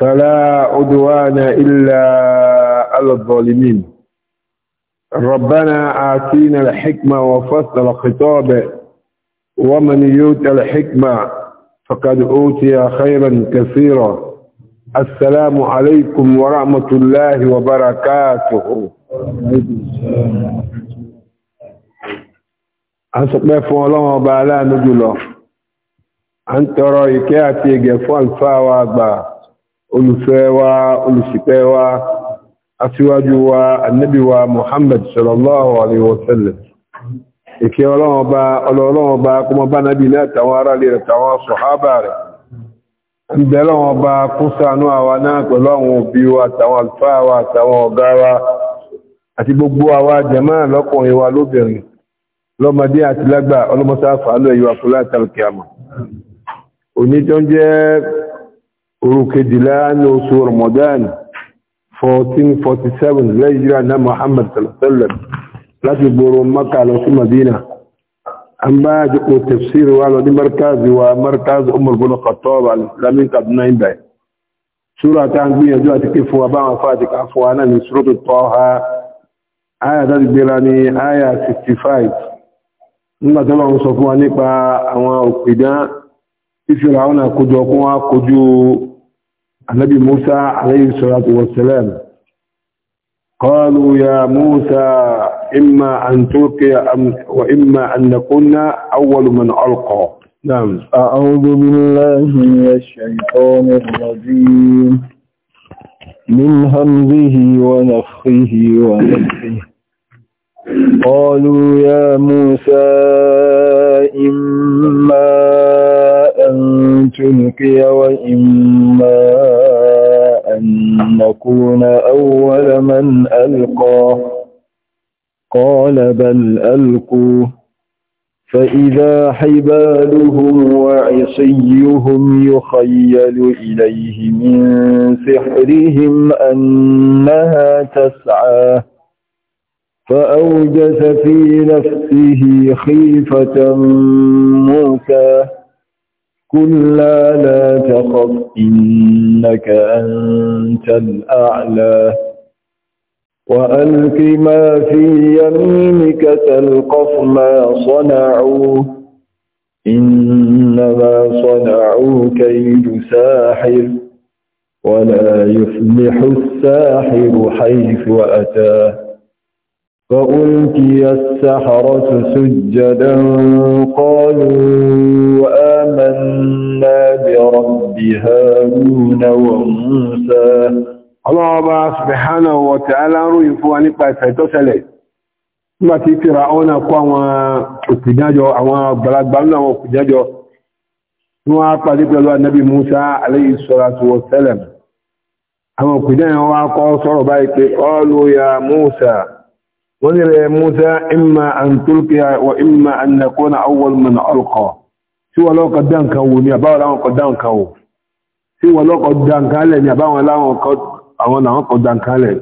فلا عدوان إلا على الظالمين ربنا آتينا الحكمة وفصل الخطاب ومن يؤت الحكمة فقد أوتي خيرا كثيرا السلام عليكم ورحمة الله وبركاته الله وبعلا أنت رأيك يأتي جفوان فاوى olùfẹ́ wa olùṣìpẹ̀ wa aṣíwájú wa annabi wa muhammad sallallahu alaihi wasallam ìkẹ́ ọlọ́wọ́ bá ọlọ́wọ́ bá kọmọ bá nábi ní àtàwọn ará lè rẹ̀tàwọn sọ̀hábà rẹ̀ ń bẹ̀rẹ̀ wọn bá kún ṣàánú àwa náà pẹ̀lú àwọn òbí wa àtàwọn àlùfáà wa ọ̀gá wa àti gbogbo àwa jẹ̀mọ́ lọ́kùnrin wa lóbìnrin lọ́mọdé àti lágbà ọlọ́mọsáfà lọ́ ìwà fúlá àtàlùkẹ́ àmọ́ jẹ́ orúkèjìlá ní oṣù Ramadan 1447 lẹ́yìnjúra na Muhammad sallallahu láti gbòrò Maka lọ sí Madina an bá jùkú tafsiri wa lọ ní markazi wa markazi Umar bin Khattab al-Islami Kaduna Ibe sura ta ń gbìyànjú àti kí fún wa bá wọn fàájì ká fún wa náà ní Suratu Taha aya tó gbéra ní aya 65 nígbà tó lọ́wọ́ sọ fún wa nípa àwọn òpìdán ìfìrà àwọn àkójọ kún wa kojú النبي موسى عليه الصلاة والسلام قالوا يا موسى إما أن تلقي أم وإما أن نكون أول من ألقى نعم أعوذ بالله من الشيطان الرجيم من همزه ونفخه ونفخه قالوا يا موسى إما أن تلقي وإما أن نكون أول من ألقى قال بل ألقوا فإذا حبالهم وعصيهم يخيل إليه من سحرهم أنها تسعى فأوجس في نفسه خيفة موسى كلا لا تخف إنك أنت الأعلى وألق ما في يمينك تلقف ما صنعوا إنما صنعوا كيد ساحر ولا يفلح الساحر حيث أتاه فألقي السحرة سجدا قالوا آمنا برب هارون وموسى الله سبحانه وتعالى رؤي فواني قاتل تسلي nígbà tí fíra ọ́nà kó àwọn òkùnjájọ́ àwọn àgbàlagbà ní àwọn òkùnjájọ́ ní wọ́n á pàdé pẹ̀lú ànábì Musa alayhi salatu wa salam àwọn òkùnjájọ́ wọ́n á kọ́ sọ̀rọ̀ báyìí pé qalu ya Musa ونرى يا موسى إما أن تلقي وإما أن نكون أول من ألقى سوى لو قدام كو نيابا ولا قدام كو سوى لو قدام كالي نيابا ولا قدام قدام كالي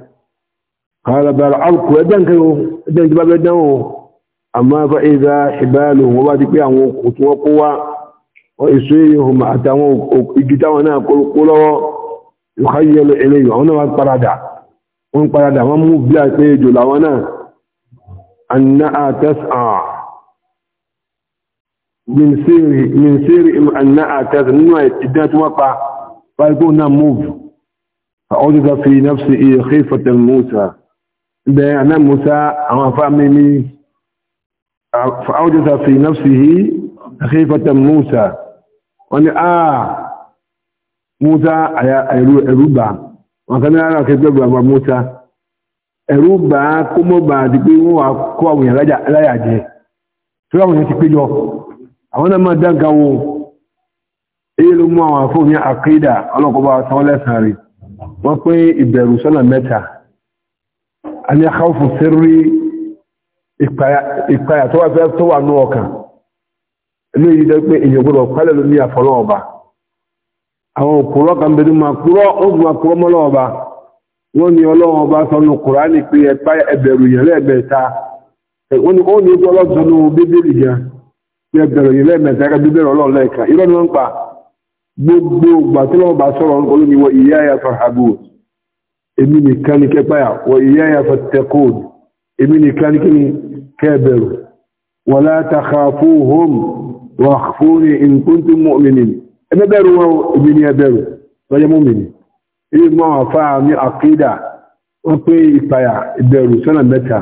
قال بل ألقوا إدن كو إدن جباب إدن أما فإذا حبالهم وبعدك بيهم وقوة وإسرائهم أتموا إجتاونا كل قلوا يخيل إليه هنا ما قرادع wọn padà wọn mú bí àpéjò làwọn náà أنها تسعى من سير من سير أنها تسعى من إدات وقع فيكون موف فأوجد في نفسه خيفة موسى بأن موسى أما فأمني فأوجد في نفسه خيفة موسى وأن آه موسى أيلو أيلو با وكان أنا كتب موسى ẹ̀rú bá kó mọ́ bá di pé wọ́n wà kó àwọn èèyàn láyàjẹ́ tó àwọn èèyàn ti péjọ àwọn náà máa wo èyí ló mú àwọn ọlọ́kọ̀ọ́bá sanwó lẹ́sàn wọ́n pé ìbẹ̀rù sọ́nà mẹ́ta a ní àkáwọ̀fù sẹ́rí ìpayà tó wà fẹ́ tó wà ní ọkàn ilé yìí dẹ́ èèyàn gbọ́dọ̀ pálẹ̀ ló ní àfọlọ́ọ̀ba àwọn òkúrọ́ kan wọ́n ní ọlọ́run ọba sọ́nù kùránì pé ẹ̀pá ẹbẹ̀rù yẹn lẹ́ẹ̀mẹ́ta wọ́n ní ó ní ojú ọlọ́run sọ́nù bíbélì yẹn pé ẹbẹ̀rù yẹn lẹ́ẹ̀mẹ́ta ẹ̀ka bíbélì ọlọ́run lẹ́ẹ̀ka irọ́ ni wọ́n ń pa gbogbo ìgbà tí wọ́n bá sọ̀rọ̀ olóníwọ̀ ìyá ya sọ àbò èmi nìkan ní kẹ́ páyà wọ ìyá ya sọ tẹkóòd èmi nìkan ní kíni kẹ́ẹ̀bẹ̀rù wọ́n látàkà fún hom wà fún ní nǹkan tó ẹ̀mẹ́bẹ̀rù wọn èmi ní ẹ̀bẹ̀rù lọ́jọ́ ìmọ̀ àfá ní àkídà wọ́n pé ìpayà ìbẹ̀rù sọ́nà mẹ́ta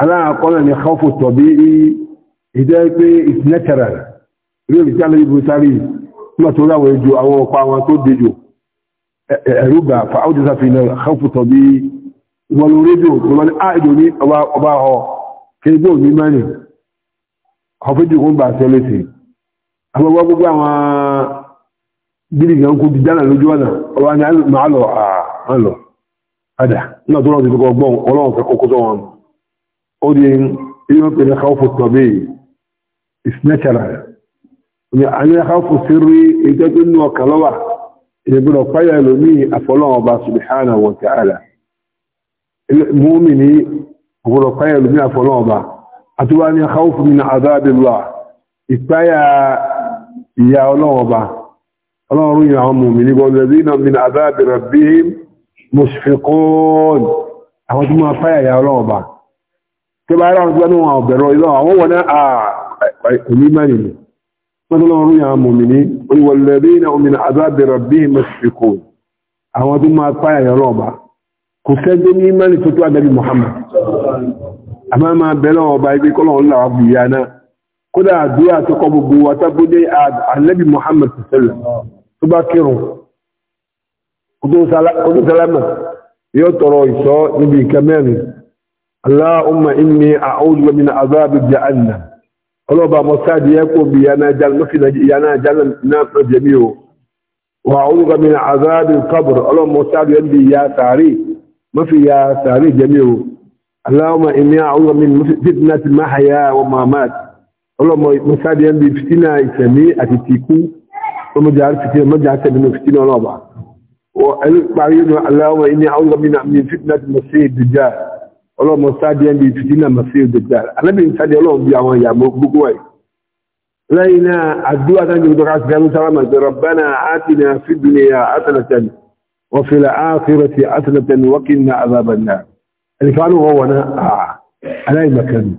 aláàkọ́nà ni kọ́fù tọ̀bí ìdẹ́ pé it's natural rí òrìṣà lórí brutari nígbà tó ráwọ̀ ju àwọn ọ̀pá wọn tó dejò ẹ̀rúgbà fàájú sàfihàn kọ́fù tọ̀bí ìwọlú rédíò tó wọ́n ní àìdò ah, ní ọba ọ kéjọ́ ní mẹ́rin bíríkì ń kó ti dáná lójú ọ̀nà ọba ní máa lọ àá lọ padà náà tó náà ti kọ́kọ́ gbọ́n ọlọ́run fẹ́ kókó tó wọn ó di ilé wọn pèlè káwọ́fù tọ́bí is natural ní àwọn káwọ́fù sírí ìjẹ́ pé nínú ọkàn lọ́wà ìgbìmọ̀ páyà lómii àfọlọ́run ọba subhanahu wa ta'ala múmi ní ọ̀pọ̀lọ̀ páyà lómii àfọlọ́run ọba àti wá ní káwọ́fù ọlọ́run yà àwọn mùmìnì bọ́lẹ̀bí náà min àzáàbì rabbi musfikun àwọn tí wọ́n fáyà yà ọlọ́ọ̀bà tí bá yára ọ̀gbẹ́ náà ọ̀bẹ̀rọ ilọ́ àwọn wọ́n ní àìmánì ah, ni ọlọ́run yà àwọn mùmìnì bọ́lẹ̀bí náà min àzáàbì rabbi musfikun àwọn tó tó àdàbí Muhammad àmá máa bẹ̀rẹ̀ tó bá kírun kótó sálámà yóò tọrọ ìṣọ́ níbi ìkẹ́ mẹ́rin aláhùnmá ìní àwùjọ mi náà azábi jẹ àná ọlọ́ba mọ́sáàdì yẹ kó bí yàná jálẹ̀ náà fẹ́ jẹ́mi o wà àwùjọ mi náà azábi kábùrù ọlọ́ba mọ́sáàdì yẹ bí yà sàárì mafi yà sàárì jẹ́mi o aláhùnmá ìní àwùjọ mi fitna ومجا عرفتي ومجا عتب انه فتنة رابعة وقالوا اللهم اني اعوذ من من فتنة المسيح الدجال اللهم استعدي عندي فتنة المسيح الدجال انا بنسالي اللهم بيا ويا بقوي لينا الدعاء تنجي بدقعة كانوا سلامة ربنا آتنا في الدنيا حسنة وفي الآخرة حسنة وقنا عذاب النار اللي كانوا هو أنا آه. أنا أي مكان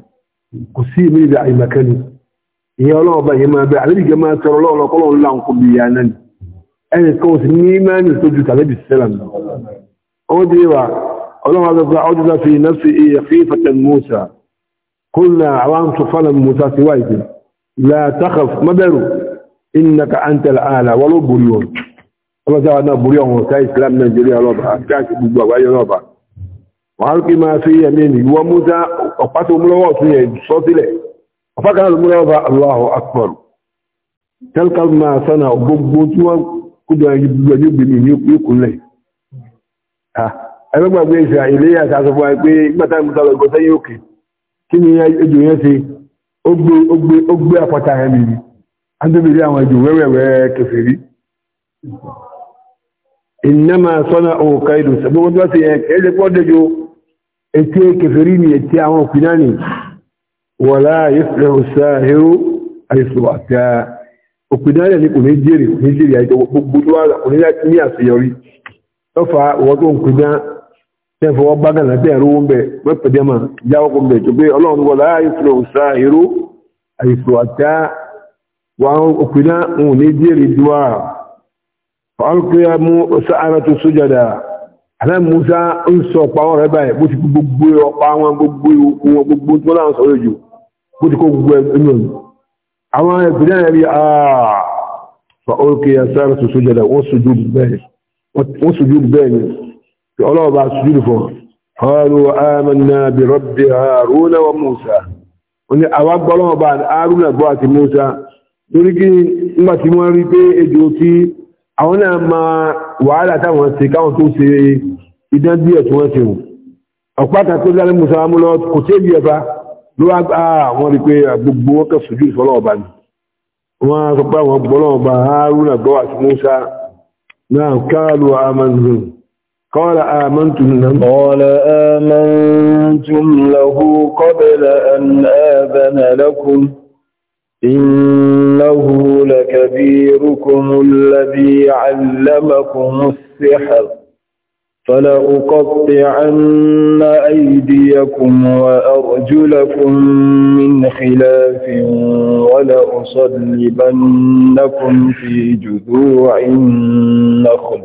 قصي من أي مكان ìyẹn ọlọ́ọ̀bá yẹn máa bẹ àlébìgẹ máa tọrọ lọ́ọ̀lọ́ kọ́lọ̀ ńlá ń kó bí ya náà ẹnì kan sì ní mẹ́rin tó ju tàbí sẹ́lẹ̀m ó dé wa ọlọ́wọ́ àgbà ọdún láti iná sí iye fi fatan musa kó na àwọn tó fana musa sí wáyé pé la takaf mabẹ́rù iná ka an tẹ̀lé àlà wọ́n ló borí wọn ọlọ́ sáwà yẹn mí ọ̀pákan alùmúra ọba Allahu Akbar tẹ́lká máa sánà gbogbo tí wọ́n kújọ ẹgbẹ̀rún gbẹ̀mí ní ìkúnlẹ̀ ẹgbẹ́gbàgbé ìṣà ilé àtàṣọ́fọ́ pé gbátà ìmúsàlọ̀ ìgbọ́sẹ́yìn òkè kí ni ejò yẹn ṣe ó gbé àpáta ẹ̀mì ni andóbìnrin àwọn ejò wẹ́wẹ̀wẹ́ kẹfẹ́rí ìnáma sọ́nà òkà ìdòsàgbọ́n tó wá sí ẹ̀ kẹ́lẹ́pọ́ dẹjọ́ etí kẹfẹ́rí ni etí àwọn òkú náà wọ̀lá yífẹ́ sáàhírú àìsùwàtà òpìdánilẹ̀ ní kò ní jèrè kò ní jèrè àìjọ gbogbo tó wà kò ní láti ní àṣeyọrí lọ́fà ìwọ́n tó ń pìdá tẹ́fọ́ bágànà tẹ́ ẹ̀rọ ń bẹ̀ wẹ́pẹ̀dẹ́mà jáwọ́kọ̀ bẹ̀ tó pé ọlọ́run wọ̀lá yífẹ́ sáàhírú àìsùwàtà wà òpìdá òun ní jèrè dúwà musa ń sọ ọ̀pá wọn rẹ̀ báyìí bó ti gbogbo ọ̀pá wọn gbogbo ìwòkú wọn gbogbo tó láwọn sọ̀rọ̀ jù bó ti kó gbogbo ẹnu àwọn ìpínlẹ̀ rẹ̀ rí àà fa orúkẹ asára tó sójọ́ rẹ̀ wọ́n sujúdù bẹ́ẹ̀ ni tí ọlọ́wọ́ bá sujúdù fún ọlọ́ amanna bi rabbi haruna wa musa wọ́n ni àwa gbọ́lọ́wọ́ bá haruna gbọ́ àti musa torí kí nígbà tí náà ma wàhálà táwọn ṣe káwọn tó tí wọ́n ṣe ẹ̀fà ló wá gbá àwọn ah, rí pé ah, gbogbo wọn kàn sojú ìfọlọ́ọ̀bá ni wọ́n á sọ pé àwọn gbọ́lọ́ọ̀bá haruna gbọ́ àti musa náà káàlù amanhu قال آمنتم له قال آمنتم له قبل أن آذن لكم إنه لكبيركم الذي علمكم السحر فلأقطعن أيديكم وأرجلكم من خلاف ولأصلبنكم في جذوع النخل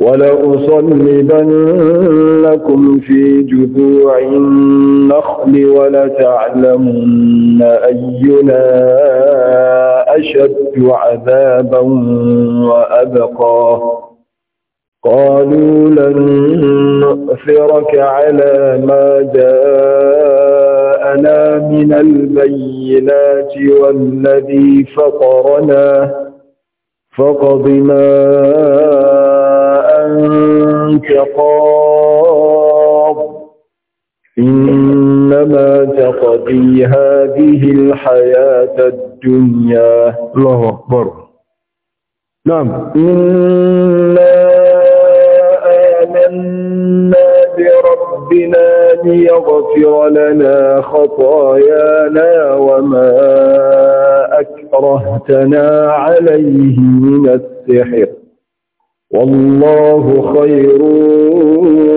ولأصلبنكم في جذوع النخل ولتعلمن أينا أشد عذابا وأبقى قالوا لن نؤثرك على ما جاءنا من البينات والذي فطرنا فاقض ما أنت قاض إنما تقضي هذه الحياة الدنيا الله أكبر نعم إنا يغفر لنا خطايانا وما أكرهتنا عليه من السحر والله خير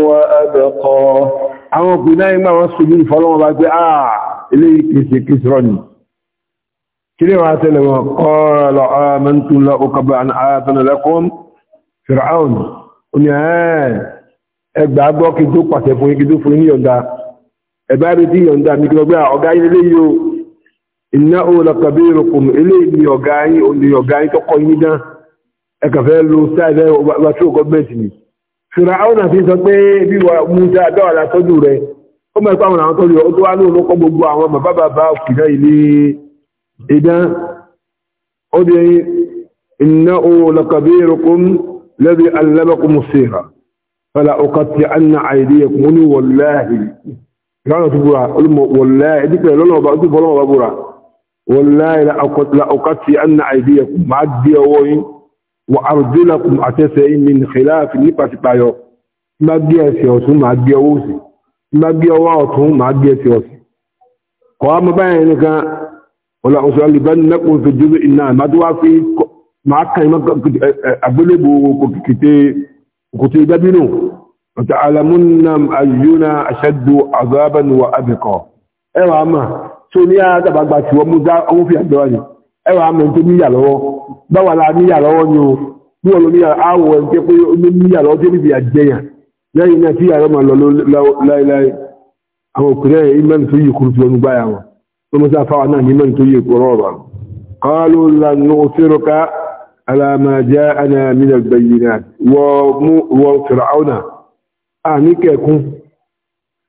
وأبقى أما بناء ما رسولين فالله بعد آه إليه كسي كسرني كلمة لما قال آمنتم لأكبر أن آتنا لكم فرعون قلنا آه. ẹgbà gbọ́ kí tó pàṣẹ fún igi tó fún ní yọ̀ǹda ẹ̀bá rí tí yọ̀ǹda mi gbọ́ pé ọ̀gá yín lé yóò iná olùkọ̀bí ìrùkùn eléyìí ni ọ̀gá yín òní ọ̀gá yín tọkọ yín dán ẹ̀kà fẹ́ lo sáìlẹ̀ wàtí òkọ bẹ́ẹ̀tì ni ṣùgbọ́n àwọn àti sọ pé bí wà musa adáwà látọ́jú rẹ ó mọ̀ pé àwọn àwọn tọ́jú ó tó wá ní olókọ́ gbogbo àwọn bàbá bàbá òkìdá ilé ìdán ó di iná olùkọ̀bí ìrùkùn lẹ́bi alẹ́bẹ̀kùn mùsíra fẹ́lá ọkàtí anna àìdíyẹkùn mú ní wọláhì ìrànà tó búra wọláhì dípẹ̀ lọ́nà ọba búra wọláhì ọkàtí anna àìdíyẹkùn máa dí ọwọ́ yín wà àrùdínlẹ̀kùn àtẹ́sẹ̀ yín ní xìláàfì ní pàṣípàyọ má gbé ẹsẹ̀ ọ̀tún má gbé ọwọ́ òsì má gbé ọwọ́ ọ̀tún má gbé ẹsẹ̀ òsì kọ́ òkùtù ìdábínú ọ̀tàlàmúnnà ayyúna aṣẹ́dù azabanwa abẹ́kọ̀ ẹwà àmà tó ní àtàbàgbà tí wọ́n mú dá ọmọ fi àgbẹ̀wà ní ẹwà àmà tó níyà lọ́wọ́ báwà la níyà lọ́wọ́ ni o bí wọ́n lọ níyà áwọ̀ ẹ̀ jẹ́ pé ó níyà lọ́wọ́ tó níbi àjẹyàn lẹ́yìn náà tí yàrá máa lọ láíláí àwọn òkúrẹ́ imán tó yìí kúrú tó ń gbáyà wọn tó mọ́ sí náà ní imán tó yìí kúrú ọ̀rọ̀ على ما جاءنا من البينات وفرعون آني كيكون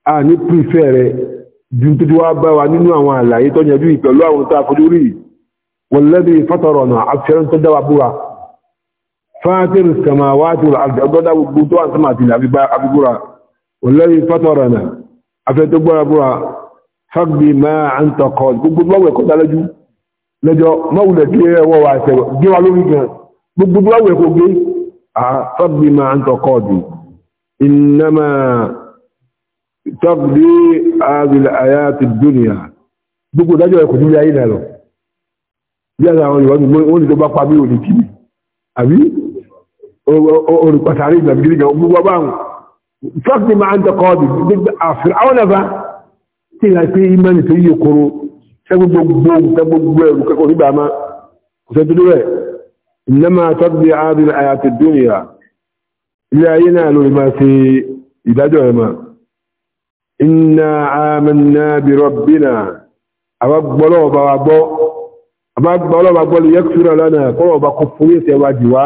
آني بريفير جنت جواب وانينو عوان الله يتون يجوي كلوا ونتافدوري والذي فطرنا عبشرا تدوى بوا فاتر السماوات والأرض أبدا وقوتوا سمعت الله أبي برا والذي فطرنا أفتبوا برا فاقضي ما أنت قال قلت الله يقول على lẹ́jọ́ mọ́wùlẹ̀ kí ẹ wọ́ wa ṣẹ̀wọ̀ gé wa lórí gan gbogbo bí wọ́n wẹ̀ kó gé àtọ́bí máa ń tọkọ́ ọ̀dù ìnáma tọ́bí àbílẹ̀ àyà ti dúnìyà gbogbo ìdájọ́ ẹ̀kọ́ nílé ayé náà lọ bí àwọn àwọn Yorùbá gbogbo wọn ni tó bá pa mí ò ní kí mi àbí ìgbà gidi gan gbogbo ọba àwọn tọ́bí máa ń tọkọ́ ọ̀dù àfihàn àwọn nàfà tí ìlànà pé ìmọ̀ nìtorí yẹ kóró ẹgbẹ́ gbogbo nǹkan gbogbo ẹ̀rù kẹ́kọ̀ọ́ nígbà máa kò sẹ́ tó rẹ̀ ìnáma tọ́bí àárín àyàtì dúnìyà ilé ayé náà lórí máa ṣe ìdájọ́ ẹ̀ máa iná àmàna bí rọ́bìnà àbágbọ́lọ́ọ̀bá wa gbọ́ àbágbọ́lọ́ọ̀bá gbọ́ lè yẹ kúrò lánàá kọ́lọ̀ ọba kó fún yẹsẹ̀ wa jì wá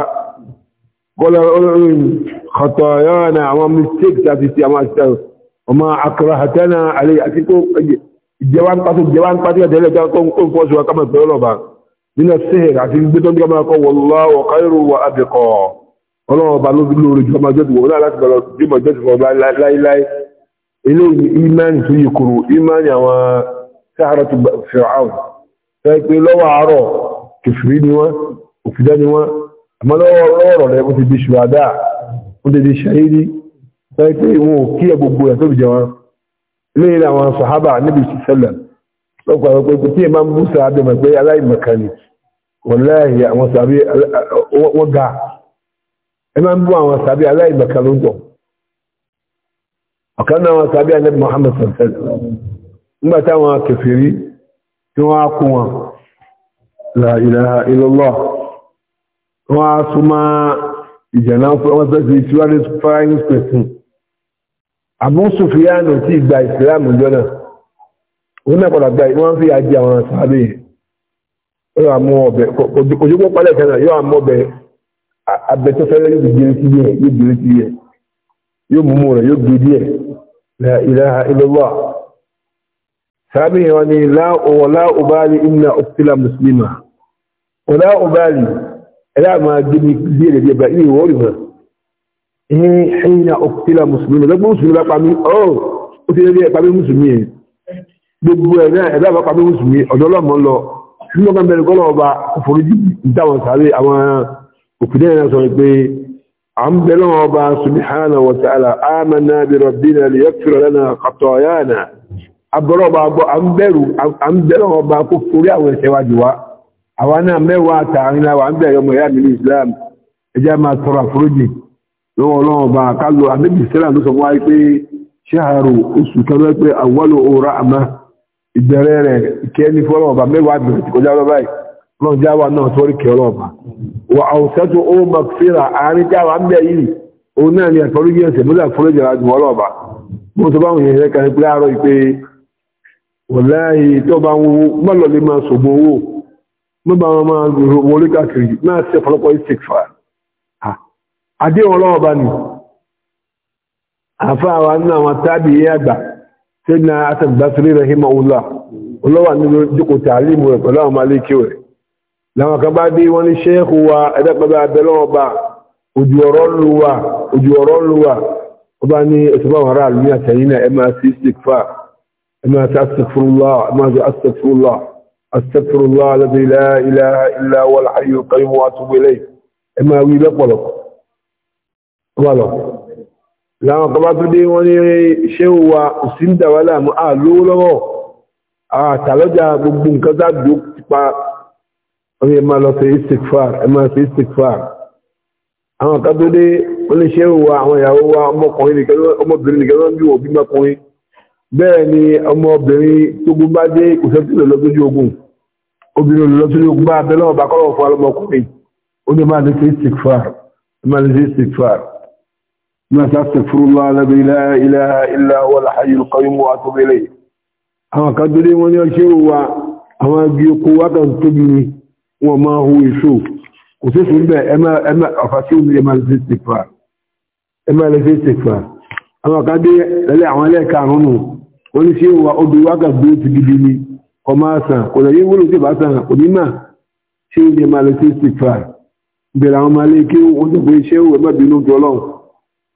kọ́lọ̀ ọlọ́run kọ̀tọ̀ yọ́nà àwọn mistakes àti ti àwọn àṣìṣe ìjẹwà ń pàtó ìjẹwà ń pàtó ìjẹwà ìjẹwà tó ń fọ́ ṣùgbọ́n kama ìpẹ́ ọlọ́ba nínú sẹ́hẹ̀ àti gbé tó ń gbé ọmọ wallahu khairu wa abqa ọlọ́ọ̀ba ló lóore ju ọmọ jọ́tù wọn láti bẹ̀rẹ̀ bímọ jọ́tù wọn láíláí eléyìí ìmánì tó yí kúrò ìmánì àwọn sáhárọ̀ tó Fir'aun fẹ́ pé lọ́wọ́ àárọ̀ kẹfìrí ni wọ́n òfìdá ni wọ́n àmọ́ lọ́wọ́ lọ́rọ̀ rẹ̀ ó ti di ṣùwádà ó ti di ṣàyíní fẹ́ pé wọn ò kí ẹ gbogbo ẹ̀ tó jẹ wọn lẹ́yìn àwọn sàhábà níbi ìṣẹ́lẹ̀ lọ́pọ̀ àwọn pẹ̀lú tí ìmá ń bú sàábẹ̀ mọ̀ pé aláìmọ̀kànì wọ́n láàyè àwọn sàábẹ̀ wọ́n ga ẹ máa ń bú àwọn sàábẹ̀ aláìmọ̀kànì lọ́pọ̀ ọ̀kan náà àwọn sàábẹ̀ alẹ́ Muhammad sọ̀tẹ́lẹ̀ nígbà táwọn kẹfìrí tí wọ́n á kú wọn la ilaha illallah wọ́n á súnmọ́ ìjẹ̀nà wọ́n fẹ́ fi síwájú fáyín Abu Sufyan tí gba ìsìláàmù jọ́nà òun náà padà gba ìwọ́n fi àjẹ àwọn sàábé yóò àmú ọbẹ̀ ojúkọ́ pálẹ̀ kan náà yóò àmú ọbẹ̀ abẹ tó fẹ́rẹ́ yóò gbé sí yẹ yóò gbé sí yẹ yóò mú mú rẹ̀ yóò gbé díẹ̀ la ilaha illallah sàábé yẹn wọn ni ẹ̀yìn ọ̀pítìlà mùsùlùmí lọ́gbọ́n mùsùlùmí bá pàmí ọ́ oh, ó ti rí ẹ̀pàmí mùsùlùmí ẹ̀ gbogbo ẹ̀rẹ́ ẹ̀dá bá pàmí mùsùlùmí ọ̀dọ́ lọ́mọ lọ nínú ọgbà mẹ́rin kọ́lọ́ ọba foríjì dáwọn sáré àwọn òpìdẹ́ yẹn sọ pé à ń bẹ lọ́wọ́ ọba subhanahu wa ta'ala náà náà lọ́wọ́ ọlọ́wọ́ ọba kálù àmìbì sílẹ̀ ló sọ wá pé ṣáàrù oṣù kẹrẹ pé àwọ́lò òòrà àmá ìbẹ̀rẹ̀ rẹ̀ ìkẹ́ ní fọ́lọ́ọ̀bà mẹ́wàá bẹ̀rẹ̀ ti kọjá lọ́bàá yìí lọ́n jáwà náà tó kẹ́ ọlọ́ọ̀bà wà ó àárín jáwà ń bẹ̀ yìí òun náà ni mo sọ báwọn yẹn kan pé àárọ̀ pé tó bá wọn àdéhùn ọlọ́wọ́ bá ní àfá àwọn nínú àwọn tábì yẹ́ àgbà tí na àtàbàtírí rẹ̀ hímọ̀ ọlá olówà nínú díkò tààlìmù rẹ̀ pẹ̀lú àwọn malékí rẹ̀ láwọn kan bá dé wọ́n ní ṣẹ́ẹ̀kù wa ẹ̀dẹ́gbẹ̀bẹ̀ abẹ́lọ́ọba ojú ọ̀rọ̀ lúwà ó bá ní òṣùpá wọn ráàlú ní àtẹ̀yìn náà ẹ máa sí stikfa ẹ máa sí wọ́lọ̀ láwọn kọba tó dé wọ́n ní ṣe wa òsíndàwálà mú àlówó lọ́wọ́ àtàlọ́jà gbogbo nǹkan dágbò pa ọmọ ẹ̀mà lọ sí istikfar ẹ̀mà sí istikfar àwọn kan tó dé wọ́n ní ṣe wa àwọn ìyàwó wa ọmọkùnrin nìkan bí wọ́n mọ́kùnrin bẹ́ẹ̀ ni ọmọbìnrin tógun bá dé òṣèlú lọ́lọ́sójú ogun obìnrin olùlọ́sójú ogun bá abẹ́lẹ́ kọ́lọ̀ fún alọ́mọkùnrin ó ní máa ní sí istikfar máa sí istikfar ما تستغفر الله الذي لا إله إلا هو الحي القيوم وأتوب إليه أما قدري من يشيروا أما بقوة تبني وما هو يشوف وسيس الباء أما أما أفاسيون أما الاستغفار أما الاستغفار أما قدري للي عمالي كانوا ونشيروا أدوا قدري تبني وما سان قد يقولوا كيف أسان قد ما شيء أما الاستغفار بلا عمالي كيو وانتبوا وما أما بنوت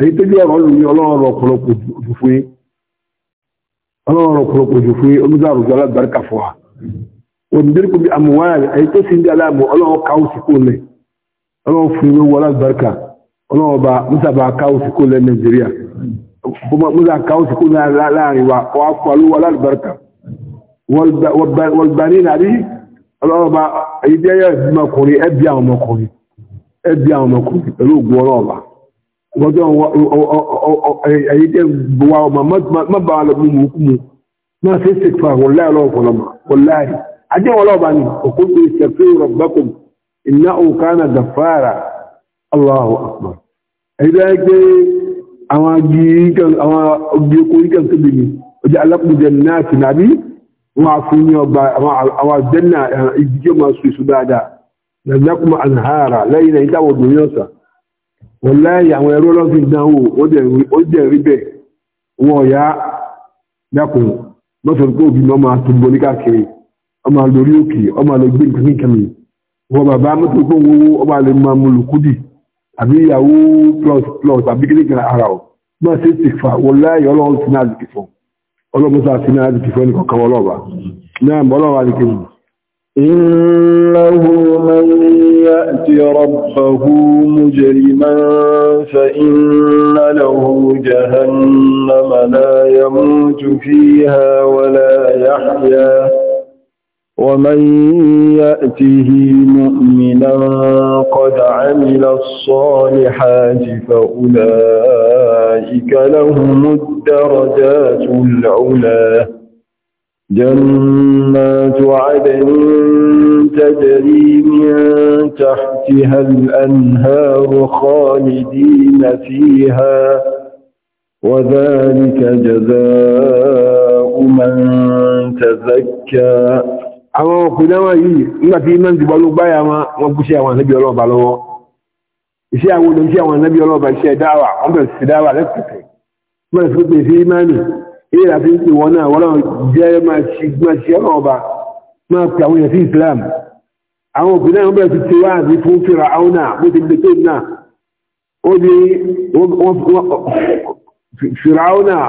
èyí tó jẹ́ ọ̀rọ̀ lùmí ọlọ́rọ̀ ọ̀pọ̀lọpọ̀ jù fún yín ọlọ́rọ̀ ọ̀pọ̀lọpọ̀ jù fún yín onígbà àrùjọ alágbàríkà fún wa òǹdíríkù bí àmúwáyà èyí tó sì ń di aláàbò ọlọ́rọ̀ káwọ́ sí kò lẹ̀ ọlọ́rọ̀ fún yín lówó alágbàríkà ọlọ́rọ̀ bá musa wa wà á fọ alówó alágbàríkà wọ̀lbàní nàbí ọlọ́rọ̀ bá èyí jẹ́ ẹbí àwọn ọmọkùnrin ẹbí àwọn wọ́jọ́ ẹ̀yí tẹ́ buwa ọmọ mọ́bà alọ́bí mú kú mú náà sí sèkfà wọláì ọlọ́ọ̀fọ̀lọ́mà wọláì ajẹ́wọlọ́ọ̀bá ni òkú tó sẹ̀fẹ́ rọ̀gbẹ́kùn iná òkánà gàfàrà Allahu akbar ẹ̀yí tẹ́ gbé àwọn agbẹ́kọ̀ ikẹ́ tóbi ni ọjọ́ alákùnjẹ náà ti nàbí wọn a fún ní ọgbà àwọn àjẹ́nà ìdíjẹ́ máa sùn ìsúdáadáa wọ̀láyì àwọn ẹ̀rọ lọ́fin ìdánwò ó dẹ̀ rí bẹ̀ wọn ọ̀yá dákùn lọ́sọ̀rọ̀ pé òbí ọmọ àtúgbò ní káàkiri ọmọ lórí òkè ọmọ lọ gbé nǹkan kẹmì wọn bàbá mọ́tò owó ọmọ lè máa mú lùkúdì àbí ìyàwó plus plus àbí kékeré ara ọ̀ máa ṣe ti fà wọ̀láyì ọlọ́run sí náà àdìkì fún ọlọ́run sí náà àdìkì fún ẹnì إنه من يأت ربه مجرما فإن له جهنم لا يموت فيها ولا يحيا ومن يأته مؤمنا قد عمل الصالحات فأولئك لهم الدرجات العلى جنات عدن تجري من تحتها الأنهار خالدين فيها وذلك جزاء من تزكى àwọn ọkùnrin àwọn yìí nígbà tí iná ti bọ́lú báyà wọn kú sí àwọn ànábì ọlọ́ọ̀bà lọ́wọ́ iṣẹ́ àwọn olóńtí àwọn ànábì ọlọ́ọ̀bà iṣẹ́ dáwà wọ́n bẹ̀rẹ̀ sí dáwà lẹ́kùnkùn bẹ̀rẹ̀ sí pé imáàmì èyí àti ń pè wọn náà wọ́n náà jẹ́ máa ṣe ọ̀nà ọba máa pè àwọn èèyàn sí Islam àwọn òbí náà wọ́n bẹ̀rẹ̀ ti ti wá àti fún fìrà àwọn náà bó ti gbé tó náà ó ní fìrà àwọn náà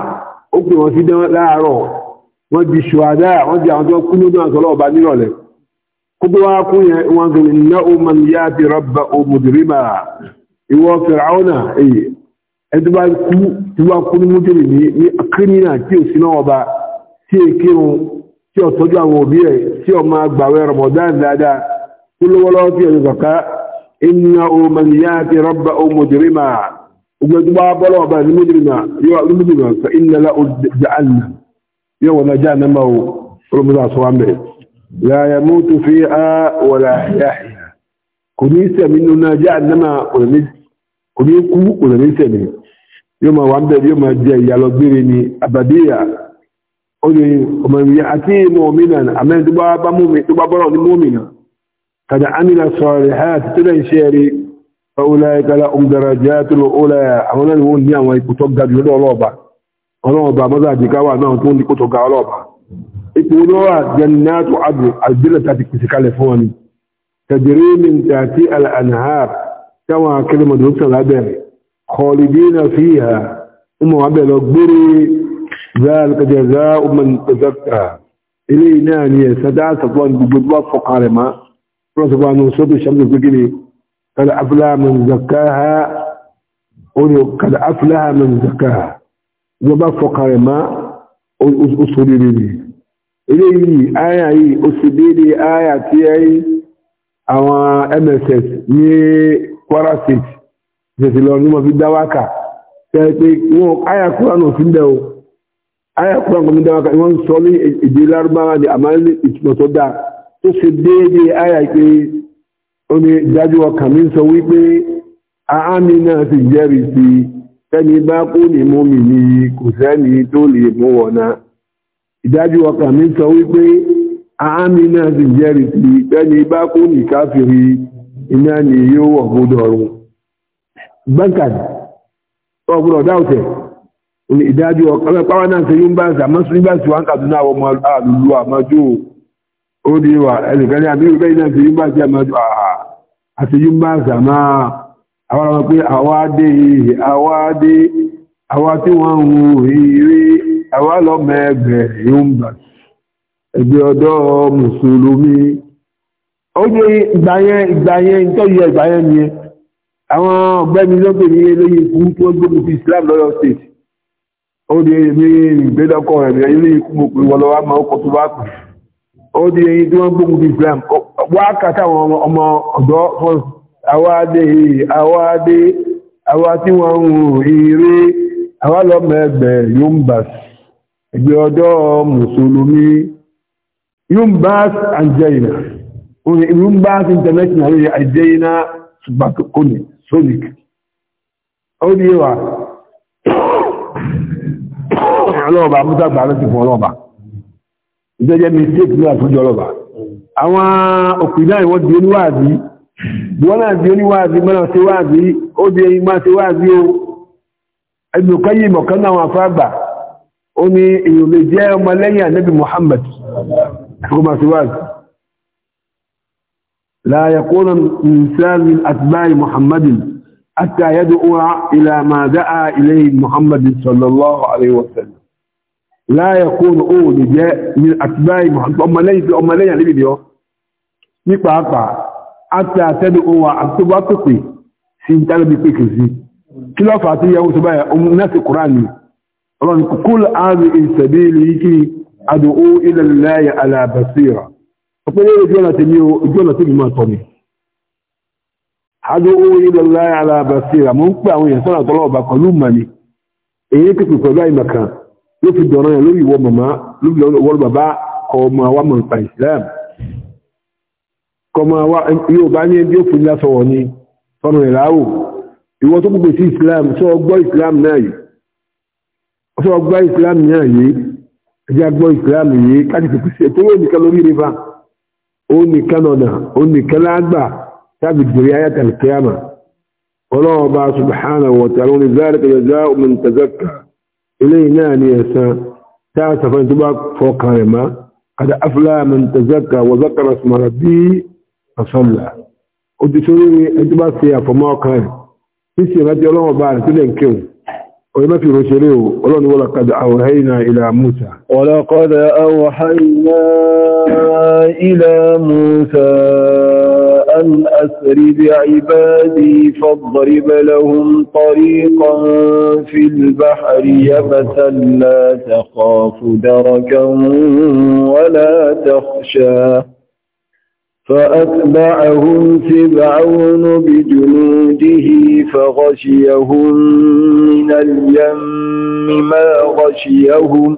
ó pè wọ́n sí láàárọ̀ wọ́n di ṣùwádà wọ́n di àwọn tó kú nínú àtọ́lọ́ ọba nírọ̀lẹ́ kókó wá kú yẹn wọ́n gbé ní náà ó ẹni tó bá kú tó bá kú ní mújèrè ní ní kírímìnà tí ò sí náà ọba tí è kírun tí ò tọ́jú àwọn òbí ẹ̀ tí ò máa gbàwẹ̀ Ramadan dáadáa tó lọ́wọ́lọ́wọ́ tí ò ní kàkà inna o man yaati rabba tó bá bọ́lọ́ ọba ní mújèrè yóò ní mújèrè sọ inna la o ja'alna yóò wọn ajá nàmà o olùmúdà sọ wọn bẹ̀rẹ̀ la yamutu fiha kò ní sẹ̀mí nínú náà jẹ́ àdámà òní kú yóò máa wà ń bẹ̀rẹ̀ yóò máa jẹ ìyàlọ gbére ni àbàdíyà ó ní ọmọ ìyá àti ìmọ̀ òmìnà àmẹ́rin tó bá bá múmi tó bá bọ́rọ̀ ní múmìnà kàdà ámìnà sọ̀rọ̀ ha àti tó lẹ́yìn ṣe rí ọ̀ọ́lá ìkàlà ọ̀gbẹ̀rẹ̀ jẹ́ tó lọ ọ̀ọ́lá àwọn ẹni wọ́n ní àwọn ipò tó ga jù lọ́dọ̀ ọlọ́ọ̀bà ọlọ́ọ̀bà mọ́tà àdìkáwà náà tó ní ipò ga ọlọ́ọ̀bà ipò olówà jẹnìyàtò àdùn àdìlẹ̀ tàbí pèsè kalẹ̀ fún wọn ni tàbí rí mi tàbí àlànà táwọn akẹ́lẹ́mọ̀dé ó tàn lábẹ́rẹ̀ خالدين فيها أم عبد الأكبر ذلك جزاء من تزكى إلينا أن سدعة تطلن بجدوة ما رسول الله صلى الله الشمس بكني قد أفلى من زكاها قد أفلها من زكاها جدوة فقارما أصولي لي إليه آية أصولي لي آية تي أي أو MSS ني كورا 6 ìṣẹ̀sì lọ ní wọ́n fi dá wákà tẹ́lẹ̀ pé wọ́n ayakura náà fi ń bẹ̀ o ayakura náà fi ń dá wákà wọ́n sọ ní èdè lárúbáwá ni àmọ́ ní ìtumọ̀ tó dáa tó ṣe déédéé ayà pé ó ní dájú ọkàn mi sọ wípé àámi náà sì jẹ́rìí sí sẹ́ni bá kú ní mú mi ní kò sẹ́ni tó lè mú wọn náà ìdájú ọkàn mi sọ wípé àámi náà sì jẹ́rìí sí sẹ́ni bá kú ní káfíìrì iná ni yóò wọ̀ gbọ́dọ̀ rùn gbáǹkàdì ọgbọ̀rọ̀ dáwọ̀tẹ̀ ìdájú ọ̀pẹ́páwà náà ṣe yúmbáṣì àmọ́sí yúmbáṣì wọn kàdúnà àwọn ọmọ àlùlù àmọ́jú ó di wà ẹnìkan ní àmì ìrúbẹ́ náà ṣe yúmbáṣì àmọ́jú àti yúmbáṣì àmọ́ àwọn ọmọ pé àwa dé ìhè àwa dé àwa tí wọ́n ń wo ìrírí àwa lọ mẹ́gbẹ̀ yúmbáṣì ẹgbẹ́ ọ̀dọ́ mùsùlùmí ó ní ìgbà yẹn ìgbà yẹn ìtọ́jú ìgbà yẹn nìyẹn àwọn ọ̀gbẹ́ni lóbìnrin eléyìí ikú tó gbógun ti Islam lọ́yọ̀ state ó di èmi ìgbélọ́kọ̀ rẹ̀ eléyìí ikú mo pè wọlọ́wọ́ àmọ́ ọkọ̀ tó bá kù ó di èyí tí wọ́n gbógun ti Islam wákàtí àwọn ọmọ ọ̀dọ́ fún àwa dé àwa dé àwa tí wọ́n ń eré àwa lọ́mọ ẹgbẹ́ yombas ẹgbẹ́ ọ̀dọ́ mùsùlùmí yombas and jaina yombas international àjẹyìnà ṣùgbọ́n kò ní. sodic ó ní wà ọlọ́ọ̀bà mútàgbà lọ́sí fún ọlọ́ọ̀bà ìjọjẹ́ mistake ní àtúnjọ ọlọ́ọ̀bà àwọn òpin náà wọ́n di oníwàázi wọ́n náà di oníwàázi mọ́nà sí wáàzi ó di ẹyin máa sí wáàzi o ẹgbẹ̀ káyé mọ̀kán náà wọn afágbà ó ní èèyàn lè لا يكون الإنسان من أتباع محمد حتى يدعو إلى ما دعا إليه محمد صلى الله عليه وسلم لا يكون أولي جاء من أتباع محمد أما ليس أما ليه يعني بيو نقطع أقطع حتى تدعو أكتب أكتب سنتال بكيكسي كلا فاتي يا وسبا ناس القرآن كل هذه السبيل يكي أدعو إلى الله على بصيره ọ̀pẹ́ lórí ojú ọ̀nà tèmi o ojú ọ̀nà tèmi máa tọ̀ ni adó owó ilẹ̀ láyé alábàṣírà mo ń pè àwọn èèyàn sọ́nà tọ́lọ́ ọba pẹ̀lú màní èyí pèpè pẹ̀lú àìmọ̀kan ló fi dọ̀rọ̀ yẹn lórí ìwọ màmá lórí ìwọ bàbá kọ ọmọ àwa mọ̀ nípa Islam kọ ọmọ àwa yóò bá ní ẹbí òfin lásọ wọ̀ ni sọ́nà rẹ̀ láwò ìwọ tó gbogbo sí Islam sọ gbọ́ Islam náà yìí sọ gbọ́ Islam náà yìí ẹjẹ́ gbọ́ Islam yìí káàdì pèpè sí ẹ̀ tó wọ́n nìkan lórí rẹ̀ òun nìkan ọ̀nà òun nìkan lágbà tàbí dìrí ayat al-qiyama ọlọ́wọ́ bá subhanahu wa ta'ala ní zalika jazaa'u man tazakka ilé náà ni ẹ̀sán tá a sàfẹ́ tó bá fọkàn rẹ̀ má qad aflaha man tazakka wa ويمثل رسله ولن ولقد أوحينا إلى موسى ولقد أوحينا إلى موسى أن أسر بعبادي فاضرب لهم طريقا في البحر يبسا لا تخاف دركا ولا تخشى فأتبعهم فرعون بجنوده فغشيهم من اليم ما غشيهم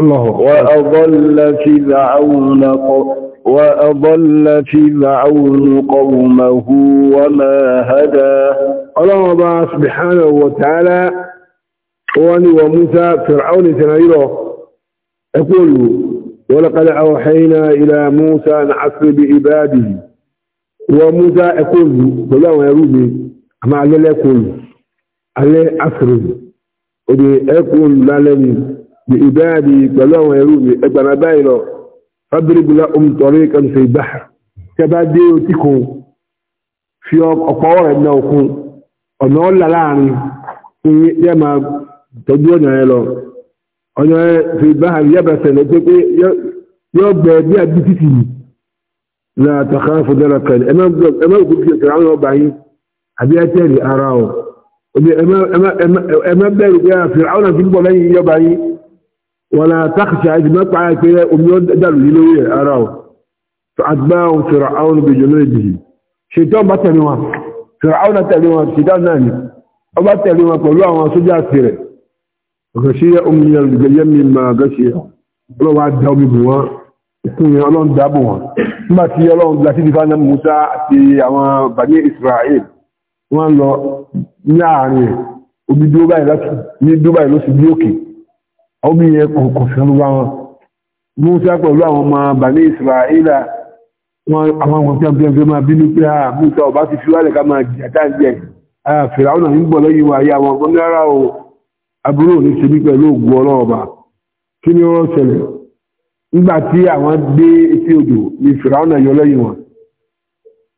الله وأضل فرعون وأضل فرعون قومه وما هدى الله سبحانه وتعالى وأني وموسى فرعون تنيره أقول ولقد أوحينا إلى موسى أن أسر بعباده وموسى أكل ولا ويروبي أما على الأكل على أسر ودي أكل لالم بعباده ولا ويروبي أكبر بايلو فاضرب لهم طريقا في البحر كبادي وتكون في أقوار ابن أكون أنا أقول لعنى يا ما تدون لو ọ̀nà fìbáhàrí yábàtẹ̀ lọ pé pé yọ́ gbẹ bí a bíi títì yìí na àtàkà fòdára kẹlẹ̀ ẹmọ́ òkú fi ṣẹ̀ṣẹ̀ àwọn ọba yìí àbí ẹtẹ́rì ara ọ̀ ẹmọ́ bẹ̀rù pé a fìrà àwọn àfi ń bọ̀ lẹ́yìn yọba yìí wọn na àtàkìṣà àti mẹ́pa pé omi ó dàrú yìí lórí ẹ̀ ara ọ̀ àgbà àwọn fìrà àwọn ìbejì lórí ìbejì ṣètò ọba tẹ̀lé wọn fìrà àwọn tẹ̀lé wọn ṣètò náà ọ̀gọ̀ṣẹ́ omi ẹ̀rùgẹ̀yẹ́ mi máa gọ́ṣẹ́ wa dá omi bù wọ́n ìpín ọlọ́run dábò wọn nígbà tí ọlọ́run gbà sí ìfànà Musa àti àwọn bani Israel wọ́n lo, ní àárín omi dubai láti ni dubai ló sì bí òkè omi yẹn kò kò fẹ́ ló wá wọn Musa pẹ̀lú àwọn ọmọ bani Israel wọn àwọn ọmọ tí wọn fi máa bínú pé Musa ọba ti fi wálẹ̀ ká máa jẹ́ àtàjẹ́ fìràwọn náà ń gbọ́ lọ́yìn wáyé àwọn ọmọ náírà o aburú ní ṣe bí pẹ̀lú ògùn ọlọ́ọ̀bà kí ni wọ́n ṣẹlẹ̀ nígbà tí àwọn dé etí odò ní fìràwọ̀nà yọ lẹ́yìn wọn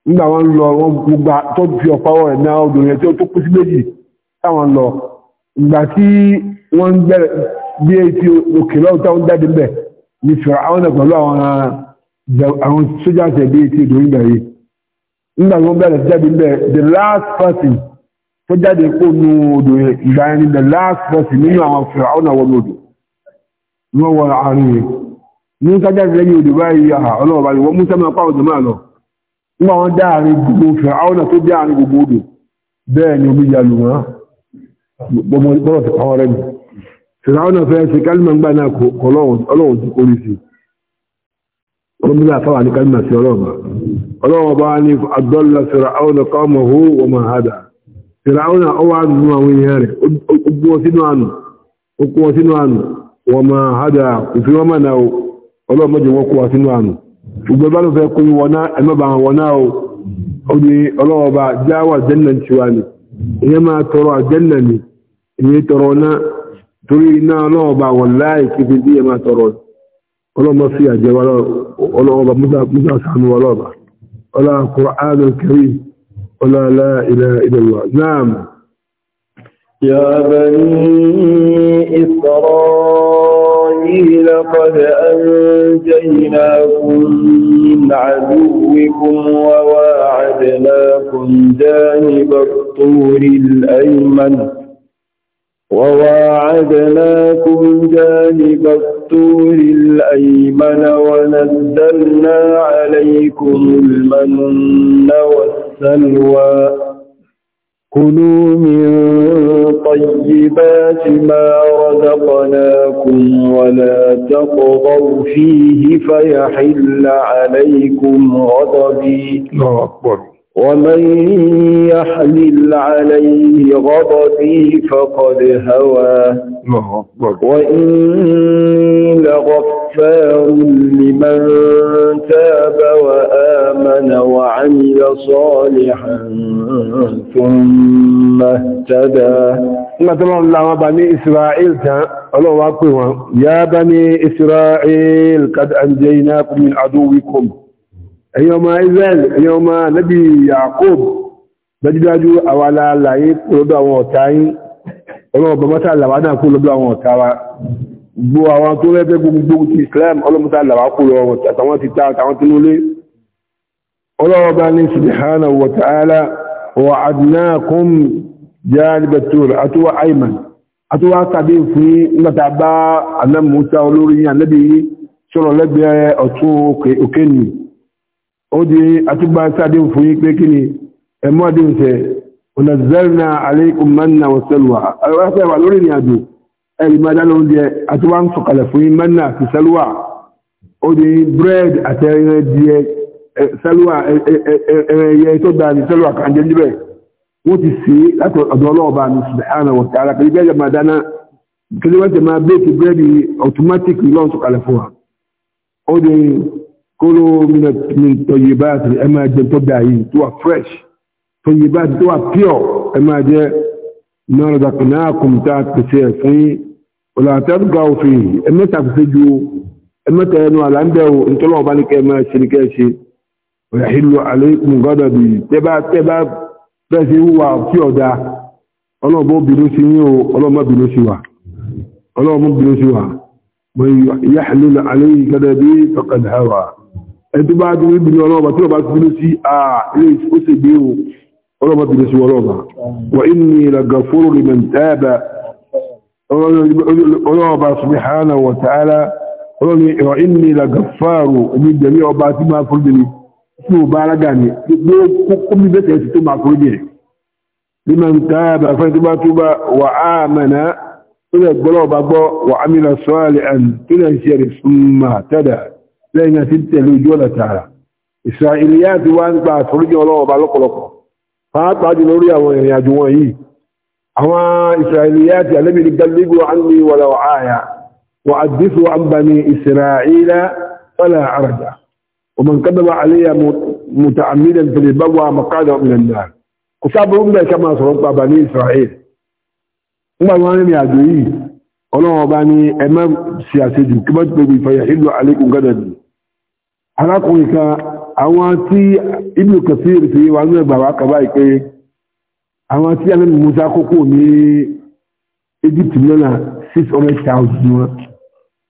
nígbà wọn lọ wọn gbogbo tó fi ọ̀páwọ̀ ẹ̀ náà odò yẹn tí ó tó kú sí méjì táwọn lọ ìgbà tí wọ́n ń bẹ̀rẹ̀ bí etí òkè lọ́wọ́ táwọn jáde bẹ̀ ní fìràwọ̀nà pẹ̀lú àwọn àwọn sójà tẹ̀ bí etí odò yìí bẹ̀rẹ̀ nígbà wọn bẹ̀rẹ̀ jáde bẹ̀ the last person tó jáde kó nú odò ìgbà ẹni the last person nínú àwọn fìràún àwọn odò wọ́n wọ àárín rẹ̀ ní kájáde lẹ́yìn odò báyìí àhà ọlọ́ọ̀bá rẹ̀ wọ́n mú sẹ́mọ̀ pàwọ̀ jẹ́ máa lọ nígbà wọ́n dáàrin gbogbo fìràún tó dáàrin gbogbo odò bẹ́ẹ̀ ni omi yàlù wọ́n bọ́mọ̀ ti pàwọ́ rẹ̀ fìràún fẹ́ ṣe kálímà ń gbà náà kọ ọlọ́run ti kórè sí ọlọ́run bá ní kálímà sí ọlọ́run kọ́mọ̀ hó wọ́n máa hádàá fìràúnà ọwà nínú àwọn èèyàn rẹ̀ ogun ọsínú àánú okun ọsínú àánú wọ́n máa hádà òfin wọ́n máa náà ọlọ́mọdé wọ́n kó ọsínú àánú ṣùgbọ́n bá ló fẹ́ kó ẹmọ́bà wọn náà ó ní ọlọ́ọba jáwà jẹ́nà tiwa ni ìyẹn máa tọrọ àjẹ́nà ni ìyẹn tọrọ náà torí iná ọlọ́ọba wọn láì kí fi díẹ̀ máa tọrọ ọlọ́mọ fi àjẹwà ọlọ́ọba musa sànú ọlọ́ọba ọlọ́ ولا لا إله إلا الله نعم يا بني إسرائيل قد أنجيناكم من عدوكم وواعدناكم جانب الطور الأيمن وواعدناكم جانب الطور الأيمن ونزلنا عليكم المن والسلام والسلوى كلوا من طيبات ما رزقناكم ولا تقضوا فيه فيحل عليكم غضبي الله أكبر ومن يحلل عليه غضبي فقد هوى وإني لغفار لمن تاب وآمن وعمل صالحا ثم اهتدى مثلا الله بني إسرائيل الله واقوى يا بني إسرائيل قد أنجيناكم من عدوكم أيما إذن أيما نبي يعقوب dájúdájú àwọn aláàlàyé tó lọ́dọ̀ àwọn ọ̀tá yìí ọlọ́ọ̀bọ̀ mọ́ta àlàwà náà kó lọ́dọ̀ àwọn ọ̀tara gbó àwọn tó rẹ́gbẹ́ gbogbo ti Islam ọlọ́mọta àlàwà kó lọ wọn àtàwọn ti ta àtàwọn tó lólé ọlọ́ọ̀bá ní subhanahu wa ta'ala wa adnakum janibatur àtúwà ayman àtúwà tàbí fún nígbàtà bá anamúta olórí anábì sọ̀rọ̀ lẹ́gbẹ̀ẹ́ ọ̀tún òkè ni ó di àtúgbà sáde fún pé kí ni ẹ̀mọ́ àdéhùn ونزلنا عليكم منا وسلوى أرأسي أقولون يا دو أي ما دالون دي أتوان فقلفين منا في سلوى ودي بريد أتينا دي سلوى يتوداني سلوى كان جنبه وتسي أدو الله بعني سبحانه وتعالى كلي ما دانا كلي وانت ما بيت بريد أوتوماتيك لون فقلفوها ودي كلوا من الطيبات أما جنتو داعي توا فريش طيبات دواء بيو اما جاء ما رزقناكم تاك بسير ولا تبقوا فيه اما تفسجوا اما تهنوا على عنده انت لو بالك اما شركاشي ويحل عليكم غضبي تبا تبا بس هو بيو دا الله بو بينو سيو الله ما بينو سيوا الله ما بينو سيوا من يحلل عليه غضبي فقد هوى انت بعد بينو الله ما تبا بينو سي اه ليش اسبيو ọlọ́mọ bìí sí ọlọ́mọ wà inú ìlàgàfóró lèmẹ̀ tààbà ọlọ́mọba subhanahu wa ta'ala wà inú ìlàgàfáró omi jẹ́mí ọba tí máa fúrú dìní tí ó bá alága ní kómi bẹ́tẹ̀ sí tó máa fúrú dìní lèmẹ̀ tààbà fẹ́tibátúbà wà ámẹ́nà tó lè gbọ́lọ́ pàápàá jù lórí àwọn ìrìn àjò wọn yìí àwọn israeliyati alẹ́bìnrin galígbò anni wàlá àyà wà àdífò àmbàní israẹ̀lá fàlà àràjà ومن كذب علي متعمدا فليبوى مقعده من النار kò sáàbùrú mẹ́ ká máa àwọn tí ibùdó kẹsìrì sí wà ní ẹgbàwà kàbá ìpé àwọn tí alẹ́nu musa kókó ní egypt lọ́nà 600,000 wọn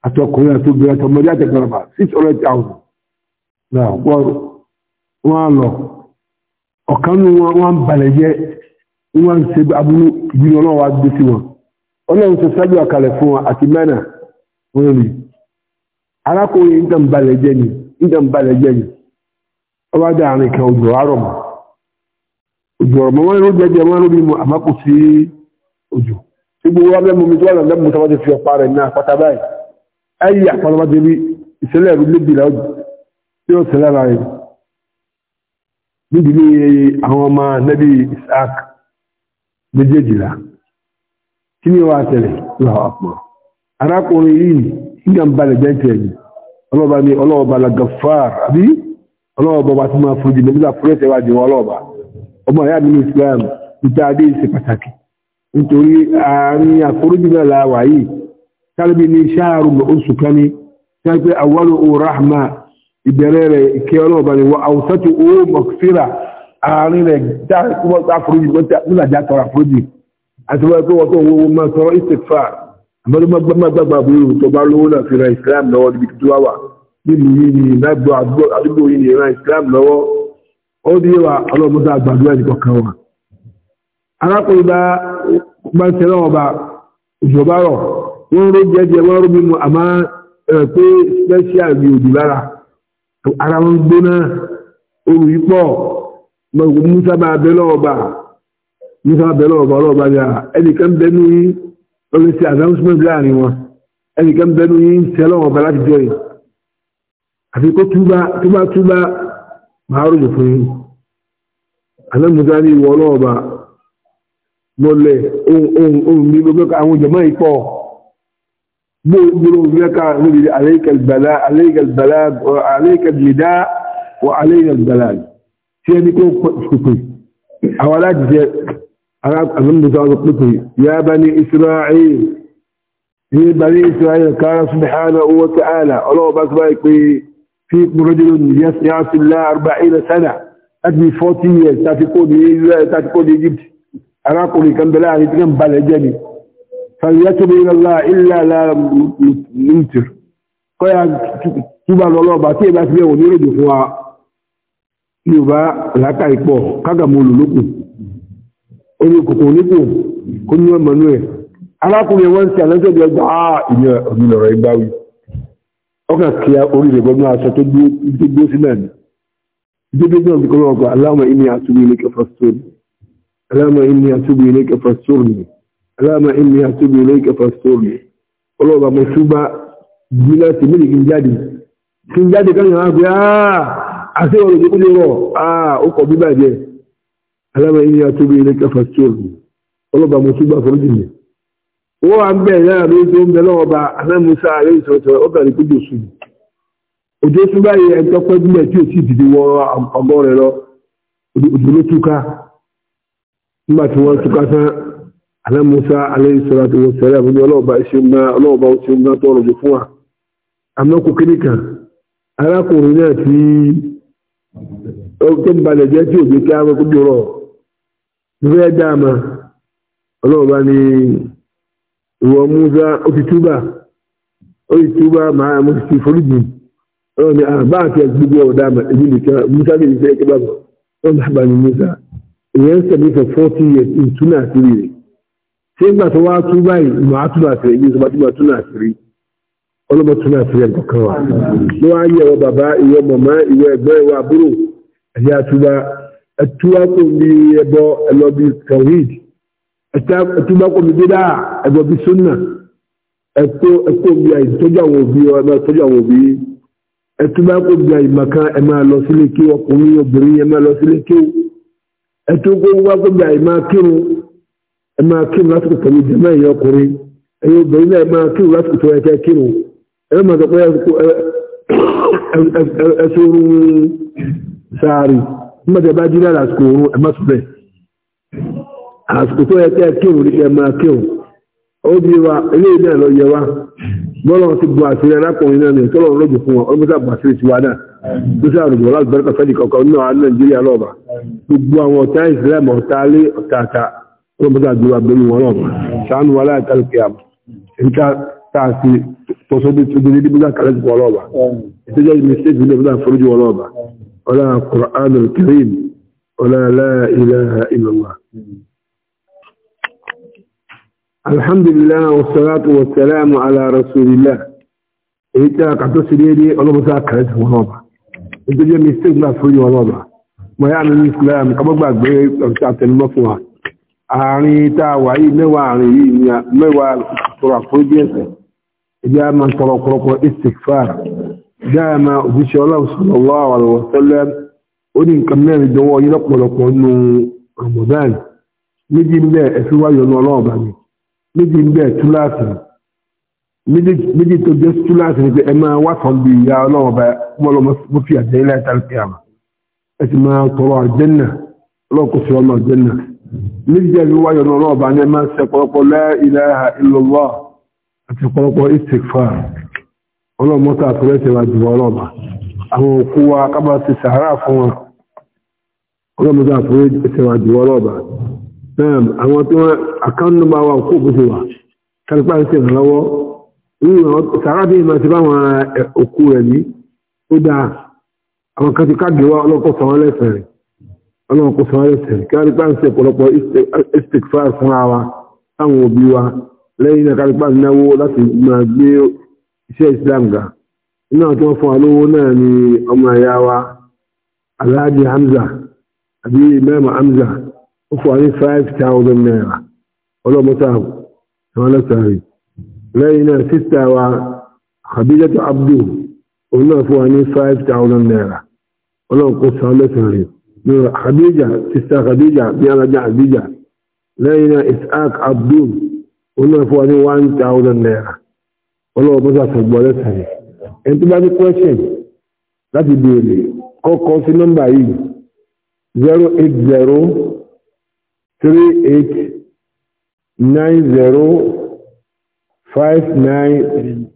àtọkùnrin àti obìnrin àti ọmọdé àtẹ̀gbẹ̀rẹ̀bà 600,000 náà wọ́n lọ ọ̀kan nù wọn wọ́n balẹ̀ jẹ́ wọ́n ṣe abúlé ìgbìmọ̀ náà wá dé sí wọn ọlọ́run sọ sábẹ́ àkàlẹ̀ fún wọn àti mẹ́rin wọ́n rí arákùnrin ń tàn balẹ̀ jẹ́ ni ń tàn balẹ̀ jẹ́ ni ọba dá àárín kan ojú àárọ̀ mọ́ ojú ọ̀rọ̀ mọ́ wọ́n ló jẹjẹ wọ́n ló bí mu àmọ́kù sí ojú tí gbogbo wa bẹ́ẹ̀ mọ̀mí tó wà lọ́dẹ́ mú tọ́wọ́ ti fi ọ̀pá rẹ̀ ní àpáta báyìí ayé àpọ̀lọpọ̀ ti ìṣẹ̀lẹ̀ ẹ̀rú lébi là tí ó ṣẹlẹ̀ ara rẹ̀ níbi ní àwọn ọmọ nẹ́bí Isaac méjèèjìlá kí ni wàá ṣẹlẹ̀ arákùnrin yìí ọlọ́ọ̀bá ni ọlọ́ọ̀bá la àbí ọlọ́ọ̀bọ bá ti máa fojú nígbà fúrẹ́sẹ̀ wájú ọlọ́ọ̀bá ọmọ ìyá mi ní Islam níta adé ìṣe pàtàkì nítorí àárín àforíjì náà la wà yìí sálẹ́bí ní sáàrù oṣù kan ní sáà pé àwọlò rahma ìbẹ̀rẹ̀ rẹ̀ ìkẹ́ ọlọ́ọ̀bá ni wọ́n àwùsọ́tù owó mọ̀kífìrà àárín rẹ̀ dá àforíjì nígbà já tọrọ àforíjì àti wọ́n pé wọ́n tó wọ́n máa tọrọ ìsèfà àmọ́ nílùú yìí ni lágbo àdúgbò yìí ni ìran islam lọ́wọ́ ó ní wà ọlọ́mọdé àgbàdo ẹnìkan kan wà. arákùnrin bá bá ọba ìjọba rọ̀ wọ́n ró jẹ́jẹ́ wọ́n ró mímu àmọ́ pé special lára ara wọn gbóná oru yìí pọ̀ musa máa musa yìí announcement láàrin ọba láti àfi kó túbá tó bá túbá máa rọ̀jò fún yín alámùdá ní ìwọ ọlọ́ọ̀bà mọ́lẹ̀ ohun ní gbogbo àwọn jẹ̀mọ́ ìpọ̀ gbogbo ìrẹ́ka níbi aléìkẹ̀lẹ̀dá wọ aléìkẹ̀lẹ̀dá tí ẹni kó pèpè àwọn alájíṣẹ́ alámùdá ọlọ́ pèpè ya bani israel ní bani israel kára subhanahu wa ta'ala ọlọ́ọ̀bá tó báyìí pé في رجل يعصي الله أربعين سنة أدمي فوتي years تاتيكون إيجيبت أراكم كان بلا يتكلم بلا جاني فليتب إلى الله إلا لا نمتر قيا تبا لولو باتي بات بيه ونيرو جفوا يبا لكا يكبو كاكا مولو لكو oni kòkò nípò kó ní ọmọ inú ẹ̀ alákùnrin wọn ń ṣe àlọ́jọ́ ìjọba àà ìyẹn òmìnira ìgbáwí ọkà kí a orílẹ̀ gbọ́nà aṣọ tó gbé sí náà ni dédé náà bí kọ́lọ́ ọgbà aláàmà inú àtúbù ilé kẹfàstórì aláàmà inú àtúbù ilé kẹfàstórì aláàmà inú àtúbù ilé kẹfàstórì ọlọ́ọ̀bà mo túbá bí láti mílì kí n jáde kí n jáde káyọ̀ á pé áà àti ọ̀rọ̀ tó kúlẹ̀ rọ̀ áà ó kọ̀ bí bàjẹ́ aláàmà inú àtúbù ilé kẹfàstórì ọlọ́ọ̀bà mo túbá fọ́rọ́jì mi wọ́n wá gbẹ̀rẹ̀ náà ló tó ń bẹ lọ́wọ́ bá anámúsá ayé ìsọ̀tọ̀ ọbẹ̀rẹ̀ kújò sùn òjò tún báyìí ẹjọ́ pẹ́ gúnlẹ̀ tí ò sì dìde wọ ọgbọ́n rẹ lọ òjò ló túká nígbà tí wọ́n túká tán anámúsá ayé ìsọ̀rọ̀ àti wọ́n sẹ́rẹ̀ àbújá ọlọ́ọ̀bá ìṣẹ́gbá ọlọ́ọ̀bá ìṣẹ́gbá tó ọ̀rọ̀ jù fún wa amẹ́kù kínní ni ìwọ musa za ti túbà ó ti túbà máa mo ti foríjì ọ̀rọ̀ ni àbá ah, àti ẹgbẹ́gbẹ́ ọ̀dà èmi nìkan musa lè fẹ́ ẹgbẹ́ bàbá ó ń bàbá ni musa èèyàn sẹ̀mí for forty years ìtúnà ṣé tó màá ló yẹ ọ bàbá ìwọ ìwọ ìwọ àbúrò ẹ̀yà àtúbà ẹtúbá kò mi dé dáa ẹgbẹ́ bí súnà ẹkọ ẹkọ mi àyè tọ́jú àwọn òbí ọ ẹ máa tọ́jú àwọn òbí ẹtúbá kò mi àyè màkà ẹ máa lọ sílé kí ọkùnrin obìnrin ẹ máa lọ sílé kí ẹtúkọ wá kò mi àyè máa kírun ẹ máa kírun lásìkò pẹ̀lú jẹ́mọ́ ẹ̀yẹ ọkùnrin ẹ̀yẹ obìnrin náà ẹ máa kírun lásìkò tó yẹ kírun ẹ máa sọ pé ẹ sọ orun sáárì nígbà tí ẹ bá jí náà lásìkò orun ẹ má sọ bẹ́ẹ̀ àsìkò tó yẹ kí ẹ kéwù ní kẹ máa kéwù ó bí wa eléyìí náà lọ yẹ wa bọ́lá ti bu àṣírí arákùnrin náà nìyẹn tọ́lọ́ lọ́jọ́ fún wa ó mú sábà àṣírí tiwa náà mú sábà àrùbọ̀ láti bẹ̀rẹ̀ kọfẹ́ di kọ̀ọ̀kan náà ní nàìjíríà lọ́ọ̀bà gbogbo àwọn ọ̀tá ìsìlẹ̀mù ọ̀tá alé ọ̀tá ó mú sábà àdúrà bẹ́ẹ̀ wọn lọ́ọ̀bà sànù wa láì kálí kí a nǹkan tá a ti tọ́sọ́ bí tó dé níbi náà kálí kí wọn lọ́ọ̀bà ìtẹ́jọ́ الحمد لله والصلاة والسلام على رسول الله إيتا قد سريري الله ساكرت ونوضع إيتا جميع استقلال فري ونوضع ما يعني الإسلام كما بعد بيت أرسعة المفوة أعني تاوعي نواعني نواع ترى فريديسة دائما ترى قرق استغفار دائما أبشي الله صلى الله عليه وسلم ودين كمان الدواء يلقوا لكم رمضان نجي من ذا أسوأ ينوى méjì ń bẹ̀ túláàsì méjì tó jẹ́ túláàsì ni pé ẹ máa wá kan bí ìyá ọlọ́run ọba mọ́lọ́ mo fi àjẹ́ ilé ẹ̀ta lókè àmà ẹ sì máa tọrọ àjẹ́nà ọlọ́run kò sí ọmọ àjẹ́nà méjì jẹ́ ìlú wáyọ̀ náà ọlọ́run ọba ni ẹ máa ṣe ọ̀pọ̀lọpọ̀ la ilaha illallah àti ọ̀pọ̀lọpọ̀ istighfar ọlọ́run mọ́ta àtúrẹ́sẹ̀ wa jù ọlọ́ọ̀ba àwọn òkú wa kábàá náà àwọn tí wọ́n account number wa kó bó ṣe wà kálípà ń ṣe ìrànlọ́wọ́ sàrà bí ìmọ̀ ti bá àwọn òkú rẹ̀ ní ó dáa àwọn kan ti káàdì wá ọlọ́kọ̀ sọ̀rọ̀ lẹ́sẹ̀rẹ̀ ọlọ́kọ̀ sọ̀rọ̀ lẹ́sẹ̀rẹ̀ kálípà ṣe ọ̀pọ̀lọpọ̀ istikfar fúnra wa táwọn òbí wa lẹ́yìn náà kálípà náwó láti máa gbé iṣẹ́ Islam ga iná tí wọ́n fún wa lówó náà ni ọmọ ẹ̀yà wa Alhaji Hamza àbí Imam Hamza ó fún wa ní five thousand naira ọlọ́mọta àwọn ọlọ́sàárì lẹ́yìn náà sísá wa Khadijatu Abdu òun náà fún wa ní five thousand naira ọlọ́nkó sàn lẹ́sàárì lọ́rọ̀ Khadija sísá Khadija bí alájà Khadija lẹ́yìn náà Ishaq Abdu òun náà fún wa ní one thousand naira ọlọ́mọta sọ̀gbọ́ lẹ́sàárì ẹni tó bá ní question láti béèrè kọ́kọ́ sí nọ́mbà yìí zero eight zero three eight nine zero five nine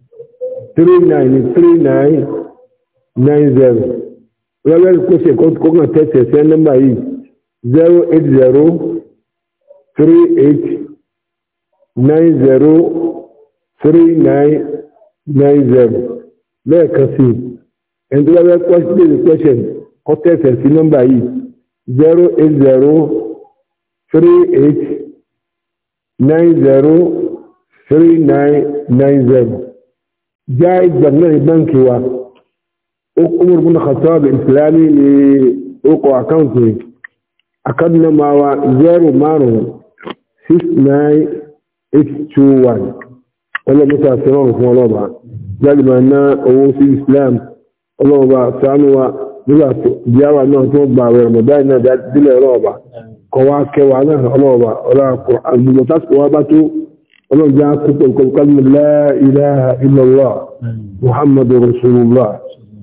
three nine three nine nine zero lọ́lọ́rì kó ṣe kó kàn tẹ̀sẹ̀ sí yìí zero eight zero three eight nine zero three nine nine zero lẹ́ẹ̀kan sí ẹni tó bá fẹ́ question kó tẹ̀sẹ̀ sí number yìí zero eight zero three eight nine zero three nine nine zero jaiz banna banki wa umar bin khattab islami ni uku account ne akan namawa zero márùn six nine eight two one ọlọ́run mẹ́ta sẹ́wọ̀n fún ọlọ́ba jáde máa ná owó sí islam ọlọ́ba wa nígbà tó bí àwa náà tó gbà kọwa kẹwa náà ọlọọba ọlọ́ọ̀pọ̀ tásìkò wá bá tó ọlọ́ọ̀bá púpọ̀ kọlùkọlù la ilaha illallah muhammadu rasulullah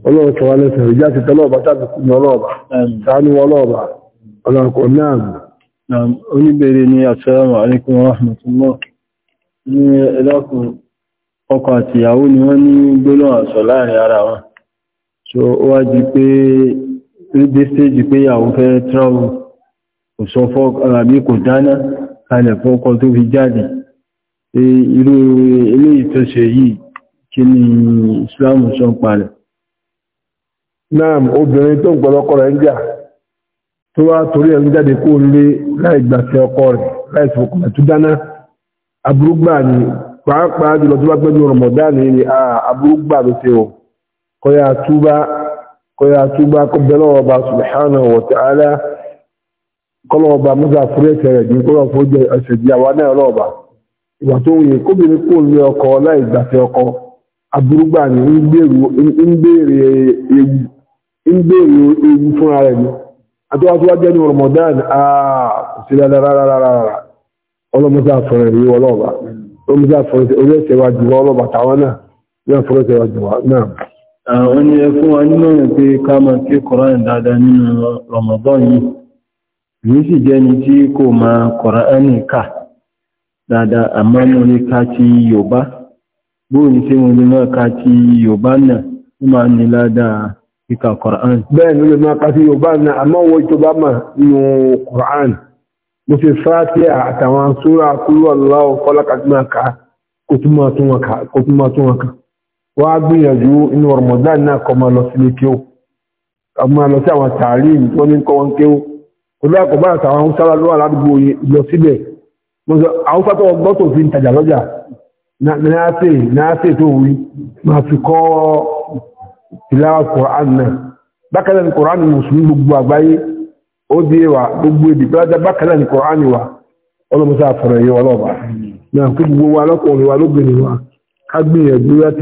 ọlọ́ọ̀kẹwà lẹ́sẹ̀ ìjá ti tọ́lọ́ọ̀bá tàbí kú ọlọ́ọ̀bà sáánú ọlọ́ọ̀bà ọlọ́ọ̀kọ̀ náà oníbẹ̀rẹ̀ alaikum kò sọ fọ́ àbí kò dáná kalẹ̀ fọ́kọ tó fi jáde e, irú ilé ìtọ́sẹ̀ yìí kí ni Islam sọ parẹ̀ náà obìnrin tó ń pọ̀lọ́kọ́ rẹ̀ ń jà tó wá torí ẹ̀ ń jáde kó lé láì gbàṣẹ ọkọ rẹ̀ láì fọkànlẹ̀ tó dáná aburúgbà ni pàápàá jùlọ tó bá pẹ́jù rọmọdáàni ni aburúgbà subhanahu wa ta'ala kọlọ́ọ̀bà mọ́sá fúrẹ́tẹ̀ rẹ̀ ní kọ́lọ́ fún ẹ̀ṣẹ̀dí àwa náà lọ́ọ̀bà ìgbà tó yẹ kóbìnrin kò ní láì ń ewu fúnra rẹ̀ ni àtúwàtúwà ní Ramadan àwọn ẹni wa nínú ẹ̀ pé ká máa Ramadan yìí yìí sì jẹ́ni tí kò ma Kùránì kà Dada àmọ́ mo ní ká ti Yorùbá bóòrùn tí mo ní máa ká ti Yorùbá náà ó máa ní ládàá kíkà Kùránì. bẹ́ẹ̀ ni lè máa ká ti Yorùbá náà àmọ́ wo ìjọba mà nù Kùránì mo ti fáàtì àtàwọn sóra kúrú aláwọ̀ kọ́lá kàtí máa ká kó tún máa tún olóòkọ̀ bá àtàwọn haúsára ló wà ládùúgbò lọ síbẹ̀ haúsá tó gbọ́ tó fi ń tajà lọ́jà náàṣẹ́ tó wí máa fi kọ́ ìlàwà kòrán náà bákanáà ní kòrán ní mùsùlùmí gbogbo àgbáyé ó di wà gbogbo èdè pẹ́lájá bákanáà ní kòrán wà ọlọ́mọsá àfẹ́rẹ̀ yẹ ọlọ́ọ̀bà náà kí gbogbo wa lọ́kùnrin wa lóbìnrin wa ká gbìyànjú láti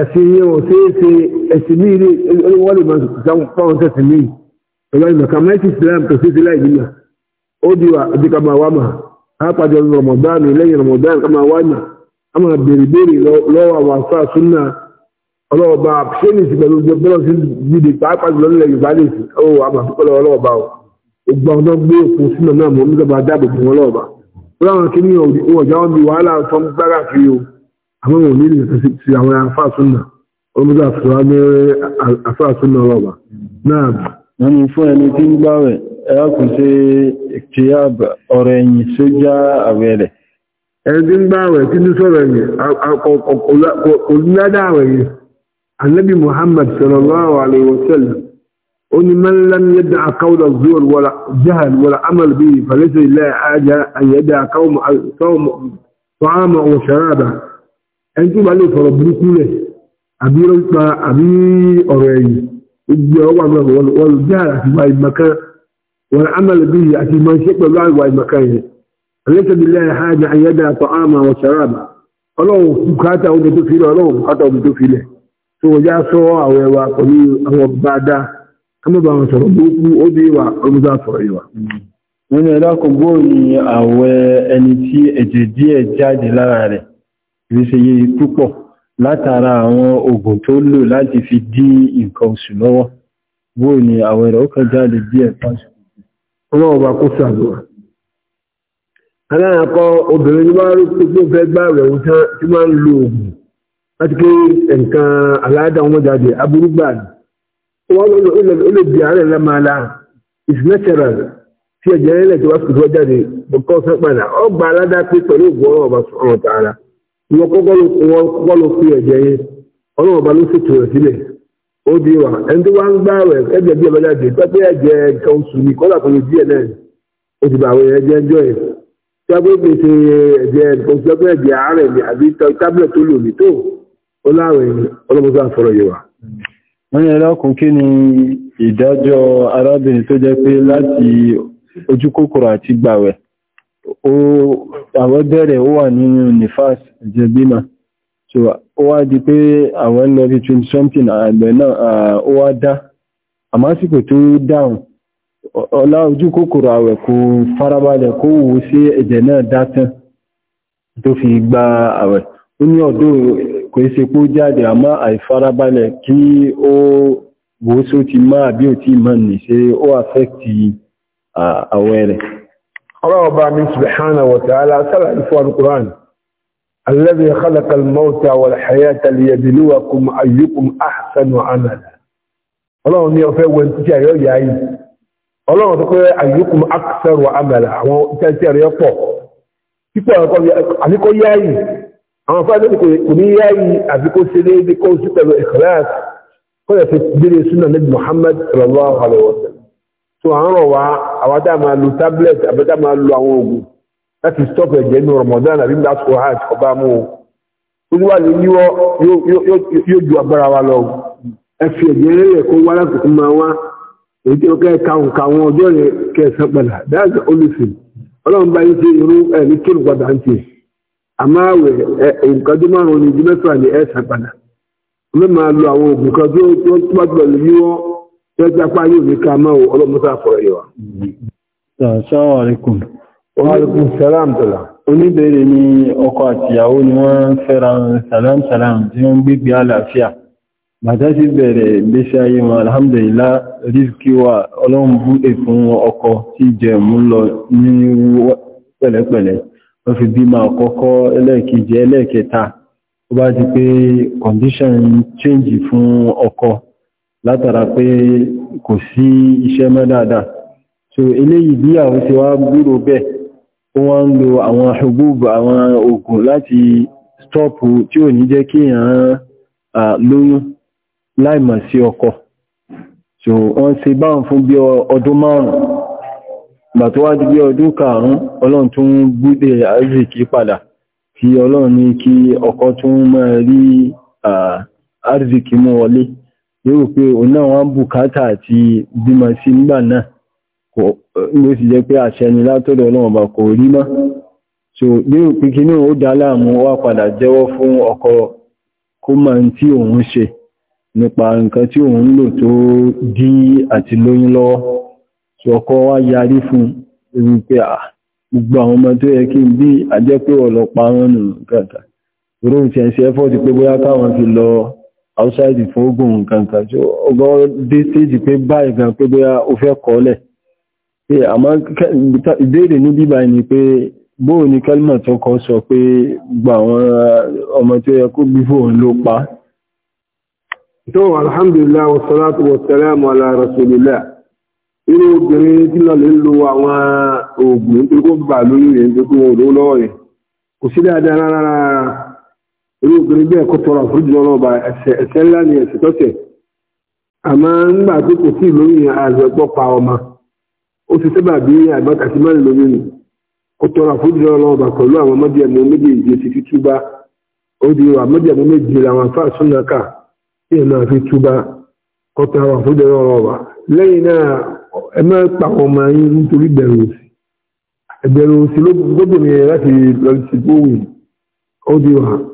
ẹ̀sìn yẹn ò ṣeé ṣe ẹ̀sìn mí ilé wọ́n lè máa sọ̀tún fáwọn tẹ̀sìn mí pẹ̀lú ìmọ̀ kàmá ẹ̀sìn Islam kò ṣeé ṣe láì nímọ̀ ó di wa àti kàmá wa mà á pàdé ọdún Ramadan lẹ́yìn Ramadan kàmá wa mà á máa béèrè béèrè lọ́wọ́ àwọn afá súnà ọlọ́ọ̀bá ṣéènìsì pẹ̀lú bọ́lọ̀ sí gidi pàápàá jùlọ nílẹ̀ Yorùbá lè sí ó àmà pípẹ́ lọ́wọ́ ọlọ́ọ̀bá o gbogbo àwọn tó gbé òkun súnà náà mọ̀ nígbà bá àwọn òní lè fi ti àwọn afáàtúnà olùdó àfúrá ní afáàtúnà ọlọ́ba náà wọ́n ni fún ẹni tí ń gbáwẹ̀ ẹ̀kùn sí kìíyàb ọ̀rọ̀ ẹ̀yìn sójá àwẹ̀rẹ̀ ẹni tí ń gbáwẹ̀ tí ní sọ̀rọ̀ ẹ̀yìn olùdádá àwẹ̀yìn annabi muhammad sallallahu alaihi wasallam ó ní man lam yadda akawda zuwar wala jahal wala amal bi falisa illa ẹni tó bá lè fọ̀rọ̀ burúkú rẹ̀ àbí rọ́pa àbí ọ̀rọ̀ ẹ̀yìn gbogbo ọwọ́ àwọn ọ̀rọ̀ wọn lò jẹ́ àti ìwà ìmọ̀kan wọn amẹ́lẹ̀ bí àti ìmọ̀ iṣẹ́ pẹ̀lú àìwà ìmọ̀kan yẹn alẹ́sẹ̀bílẹ̀ hajj ayẹ́dà àtọ̀ àmà wọn ṣàràbà ọlọ́run omi tó filẹ̀ ọlọ́run omi tó filẹ̀ tó wọ́n já sọ àwọn ẹwà pẹ̀lú àwọn bàdá kámọ́bà wọn sọ̀rọ̀ burúkú ó bí wà nínú ìrísẹyẹ púpọ̀ látara àwọn oògùn tó lò láti fi dí nǹkan oṣù lọ́wọ́ bó ni àwọn ẹ̀rọ kan jáde díẹ̀ pàṣẹ ọlọ́wọ́ bá kó sàbọ̀ aláàkọ́ obìnrin bá rí pípé fẹ́ gbá rẹ̀ ń tán tí máa ń lo oògùn láti pé nǹkan aláàdá wọn jáde aburú gbà ní wọ́n lè di àárẹ̀ lámàlá is natural tí ẹ̀jẹ̀ rẹ̀ tó wá sùn tó jáde bọ́kọ́ sápàdà ọgbà aládá pé pẹ̀lú ògùn ọ̀rọ̀ ọ̀bà sọ̀rọ̀ tààrà wọ́n kọ́ bọ́ọ̀lù fi ẹ̀jẹ̀ yẹn ọlọ́run ọba ló ṣètò rẹ̀ sílẹ̀ ó di wa ẹni tó wá ń gbá rẹ̀ ẹ̀jẹ̀ bí ọba jáde pẹ́pẹ́ ẹ̀jẹ̀ kan sùn ní kọ́lá kan díẹ̀ náà ó ti bà àwọn ẹ̀jẹ̀ ẹjọ́ yẹn tábí ó pèsè ẹ̀jẹ̀ kan sùn pẹ́pẹ́ ẹ̀jẹ̀ àárẹ̀ ni àbí tábìlẹ̀ tó lò ní tó ó láwọn ọlọ́mọdé àfọ̀rọ̀ yìí wa. wọ́n yẹn lọ́kùn kí ni ìdájọ́ arábìnrin tó jẹ́ pé láti ojú kòkòrò àti gbàwẹ̀ àwọn bẹ̀rẹ̀ ó wà nínú nifas jẹbímà so ó wá di pé àwọn lọ́rí 20 something àgbẹ̀ náà ó wá dá àmásìkò tó dáhùn ọlá ojú kòkòrò àwẹ̀ kò farabalẹ̀ kó wò sí ẹ̀jẹ̀ náà dátán tó fi gba àwẹ̀ ó ní ọ̀dọ́ kò ṣe pó jáde àmọ́ àìfarabalẹ̀ kí ó só ti máa bí ò tí mọ́ ọlọ́wọ́ bá mi subhanahu wa ta'ala sára ìfọ́ alukuran alladhi khalaqa al-mawta wal hayata liyabluwakum ayyukum ahsanu amala ọlọ́wọ́ ní ọ̀fẹ́ wẹ̀ títí àyọ̀ yá yìí ọlọ́wọ́ tó pé ayyukum aktharu amala àwọn títí àyọ̀ pọ̀ pípọ̀ àfikọ́ yá yìí àwọn fáwọn ní kò ní yá yìí àfikọ́ sí léde so a ń rọ̀ wá àwọn tá a máa lo tablet àbí tá a máa lo àwọn oògùn láti stop ẹ̀jẹ̀ nínú Ramadan àbí lásìkò hajj ọba mú o ó ní wà ní yíwọ́ yóò ju agbára wa lọ ẹ fi ẹ̀jẹ̀ rẹ̀ kó wá láti fi máa wá èyí tí wọ́n kẹ́ ka òǹkà àwọn ọjọ́ that's the ọlọ́run bá yín ṣe irú ẹ̀ ní kí ń tiẹ̀ àmọ́ àwẹ̀ márùn-ún ìdí mẹ́fà ẹ̀ sàn tẹ́jẹ́ apá yóò ní ká máa wọ ọlọ́mọ́sá fọ̀rọ̀ yìí wa. Assalamu alaikum. Wa alaikum tọ́lá. Oníbèrè ni ọkọ àti ìyàwó ni wọ́n fẹ́ra salam salam tí wọ́n gbígbé àlàáfíà. Bàtà sí bẹ̀rẹ̀ ìgbésí ayé wọn, alhamdulillah, rízkí wa ọlọ́run búdè fún ọkọ tí jẹ́ mú lọ ní pẹ̀lẹ́pẹ̀lẹ́. Wọ́n fi bímọ àkọ́kọ́ ẹlẹ́ẹ̀kejì ẹlẹ́ẹ̀kẹta. Ó bá ti pé condition change fún ọkọ látara pé kò sí iṣẹ́ mọ́ dáadáa so eléyìí bí àwọn tí wá gbúrò bẹ́ẹ̀ ó wá ń lo àwọn ṣogbóògbò àwọn oògùn láti stọ́pù tí ò ní jẹ́ kí èèyàn lóyún láìmọ̀ sí ọkọ so wọ́n ṣe báwọn fún bí ọdún márùn-ún gbà tó wá di bí ọdún karùn-ún ọlọ́run tún gbúdé arziki padà tí ọlọ́run ní kí ọkọ tún máa rí arziki mú wọlé yóò pé òun náà wọ́n bùkátà àti bímọ sí nígbà náà eh, ló sì jẹ́ pé àṣẹ ni látọ̀dọ̀ ọlọ́run ọba kò rí mọ́ so yóò pé kí ní ó dá láàmú wá padà jẹ́wọ́ fún ọkọ kó tí òun ṣe nípa nǹkan tí òun lò tó dí àti lóyún lọ́wọ́ so ọkọ̀ wá yarí fún ewu pé à gbogbo àwọn ọmọ tó yẹ kí n bí kàkà sí ẹ́fọ́ọ̀tì pé fi lọ outside fún ogun nǹkan kan tí ọgbọ́n dé stage pé báyìí gan pé bóyá o fẹ́ kọ́lẹ̀ pé àmọ́ ìbéèrè ní bíbá ni pé bóò ni kálmà tó kọ́ sọ pé gba àwọn ọmọ tó yẹ kó bí fóun ló pa tó alhamdulillah wa salatu wa salamu ala rasulillah inú obìnrin tí lọ lè lo àwọn oògùn tó kó bà lórí rẹ̀ tó kó lọ́wọ́ rẹ̀ kò sí dáadáa rárá irú obìnrin bẹ́ẹ̀ kó tọrọ àforíjì lọ́wọ́ ọba ẹ̀ṣẹ̀ ńlá ni ẹ̀ṣẹ̀ tọ́tẹ̀ àmọ́ ńgbà tó kò sí lóyún àzọ̀pọ̀ pa ọmọ ó ti sábà bí àgbàkà sí lóyún ọba pẹ̀lú àwọn ti fi túbá ó di méjì làwọn afá tí túbá tọrọ náà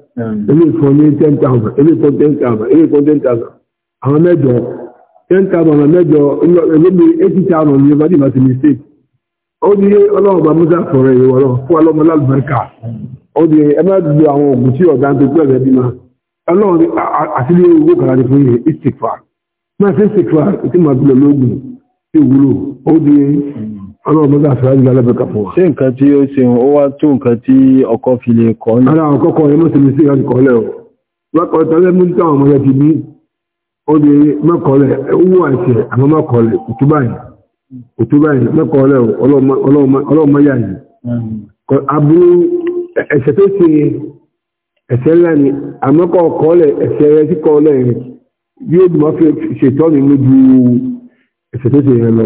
ilé ìfún ní ten thousand ilé ìfún ten thousand ilé ìfún ten thousand àwọn mẹ́jọ ten thousand àwọn mẹ́jọ ẹlẹ́mi eighty thousand ní ẹgbẹ́ ìbá ti mistake ó ní ọlọ́run bá musa sọ̀rọ̀ ìwọ lọ fún ọlọ́mọ lálùbáríkà ó ní ẹ má lo àwọn oògùn tí ọ̀gá tó pẹ̀lú ẹbí ma ọlọ́run àti ilé owó kan láti fún yìí istikfa máa fi istikfa tí màá fi lọ lóògùn tí wúlò ó ní ọlọ́run bá fẹ́ ìlú alẹ́bẹ̀ẹ́kà fún wa. ṣé nǹkan tí ó ṣe ó wá tó nǹkan tí ọkọ fi lè kọ́ ní. ara àkọ́kọ́ ẹ mọ́sí mi sí ìyá ìkọ́lẹ̀ o lọ́kọ̀ tẹ́lẹ̀ mú táwọn ọmọ yẹn ti ní ó di mẹ́kọ̀ọ́lẹ̀ owó àṣẹ àmọ́ mẹ́kọ̀ọ́lẹ̀ òtúbà yìí òtúbà yìí mẹ́kọ̀ọ́lẹ̀ ọlọ́run mọ́yà yìí. aburú ẹ̀ṣẹ̀ tó ṣe ẹ̀ṣẹ̀ ńlá ni àmọ́ kọ̀ọ̀kọ́lẹ̀ ẹ̀ṣẹ̀ rẹ tí kọ́ọ̀lẹ̀ yóò dùn wá fi ṣètọ́ nínú ju ẹ̀ṣẹ̀ tó ṣe yẹn lọ.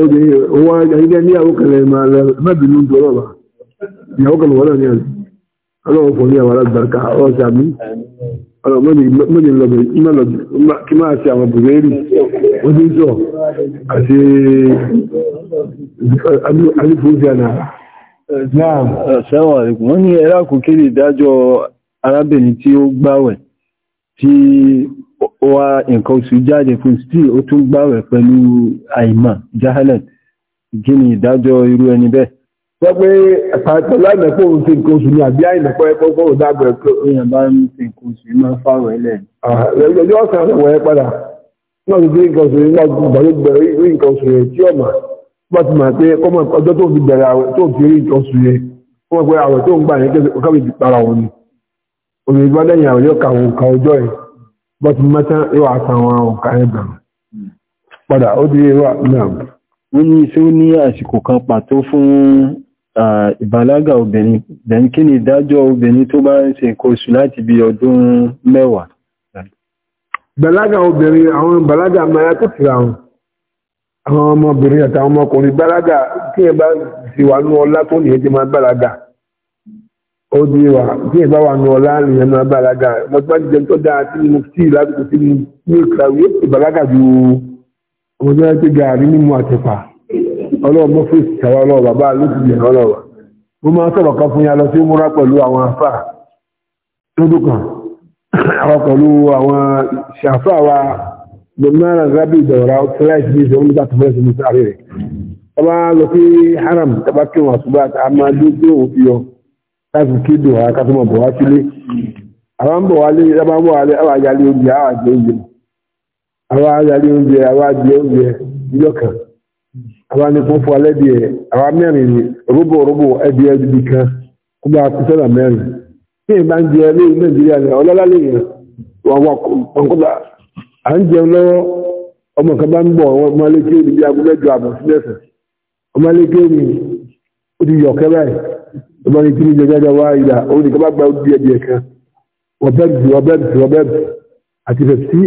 oge owó ayé ní àwọn kẹlẹ̀ máa lọ mẹ́bìnú dọ́rọ̀ bá ìyàwó kẹlẹ̀ wọ́n náà ọrụ àná ọlọ́wọ́ fún ní àwọn alágbàrúkà ọ̀rọ̀ sàmì ọ̀rọ̀ mẹ́ni lọ́bẹ̀ kí máa ṣe àwọn bùrẹ́rì wa nǹkan oṣù jáde fún still ó tún gbàwẹ̀ pẹ̀lú àìmọ̀ jahalat kí ni ìdájọ́ irú ẹni bẹ́ẹ̀ sọ pé àtàtà láìmọ̀ pé òun ti nǹkan oṣù ni àbí àìmọ̀pọ̀ ẹ̀kọ́ kọ́ ò dágbẹ̀ pé èèyàn bá ń ti nǹkan oṣù máa ń fáwọ̀ ẹ̀lẹ̀ ah, ẹjọ́ ọ̀sán àwọ̀ ẹ̀ padà náà ti gbé nǹkan oṣù nígbà gbàgbé rí fi nǹkan oṣù yẹn bọ́tí mẹ́ta yóò àtàwọn ọ̀ká ẹgbẹ̀rún padà ó di wà náà wọ́n ní ṣé ó ní àsìkò kan pàtó fún ìbàlágà obìnrin then kí ni ìdájọ́ obìnrin tó bá ń ṣe nǹkan oṣù láti bí ọdún mẹ́wàá bàlágà obìnrin àwọn bàlágà máa yàtọ̀ sí àwọn àwọn ọmọbìnrin àtàwọn ọmọkùnrin bàlágà kí ẹ bá ó di wa tí ìgbà wà nù ọ̀la nìyẹn máa bàlágà mo ti máa ń jẹun tó dáa tí mo tí ì lásìkò tí mo ní ìkàwé yóò ti bàlágà ju ọmọdé wọn ti gààrí mímu àtẹ̀pà ọlọ́wọ́ mọ́ fún ìsìkàwá ọlọ́wọ́ bàbá ló ti yẹn ọlọ́wọ́ mo máa sọ̀rọ̀ kan fún yà lọ sí múra pẹ̀lú àwọn afá lọ́dún kan àwọn pẹ̀lú àwọn ṣàfà wa gbẹ̀mọ́ra rábì ìdọ̀rà fúláìsì ní ìṣẹ́ onígbà tó fẹ́ẹ́ sí ní sáré rẹ̀ haram tabakí wọn àtúbà àmàdú tí láti kéde wà ká tó mọ̀ bọ̀ wá sílé àwọn bọ̀ wá lé lábá ń wá lé àwọn ayálé oúnjẹ àwọn àjẹ oúnjẹ àwọn ayálé oúnjẹ àwọn àjẹ oúnjẹ kan àwọn fún alẹ́ díẹ̀ àwọn mẹ́rin ni rúbọ̀ rúbọ̀ ẹbí ẹbí kan kó bá mẹ́rin tí ìbá ń jẹ nàìjíríà ọlọ́lá lè yàn wà kan bá ń ọmọ ní kíní jẹ gẹ́gẹ́ wá ìdá òun nìkan bá gba ojú ẹ̀dì ẹ̀kan wọ́bẹ̀bì wọ́bẹ̀bì wọ́bẹ̀bì àti fẹ̀sí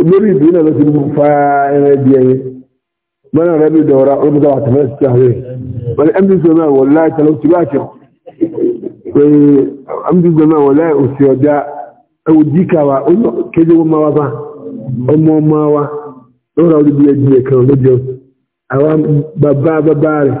olórí ìdúró náà ló ti fa ẹran ẹ̀dì ẹ̀yẹ mọ́nà rẹ̀ bí dọ̀ra olùdókòwò àtàwọn ẹ̀sì àárẹ̀ wọ́n ẹ̀mí sọ náà wọ̀ láì tẹ̀lé òsì bá kẹ́ pé ẹ̀mí sọ náà wọ̀ láì ọjà ẹ̀wò díkà wa kéde wọn máa wá ọmọ ọmọ wa lọ́ra olùdókòwò ẹ̀dì ẹ̀kan lójọ àwọn bàbá bàbá rẹ̀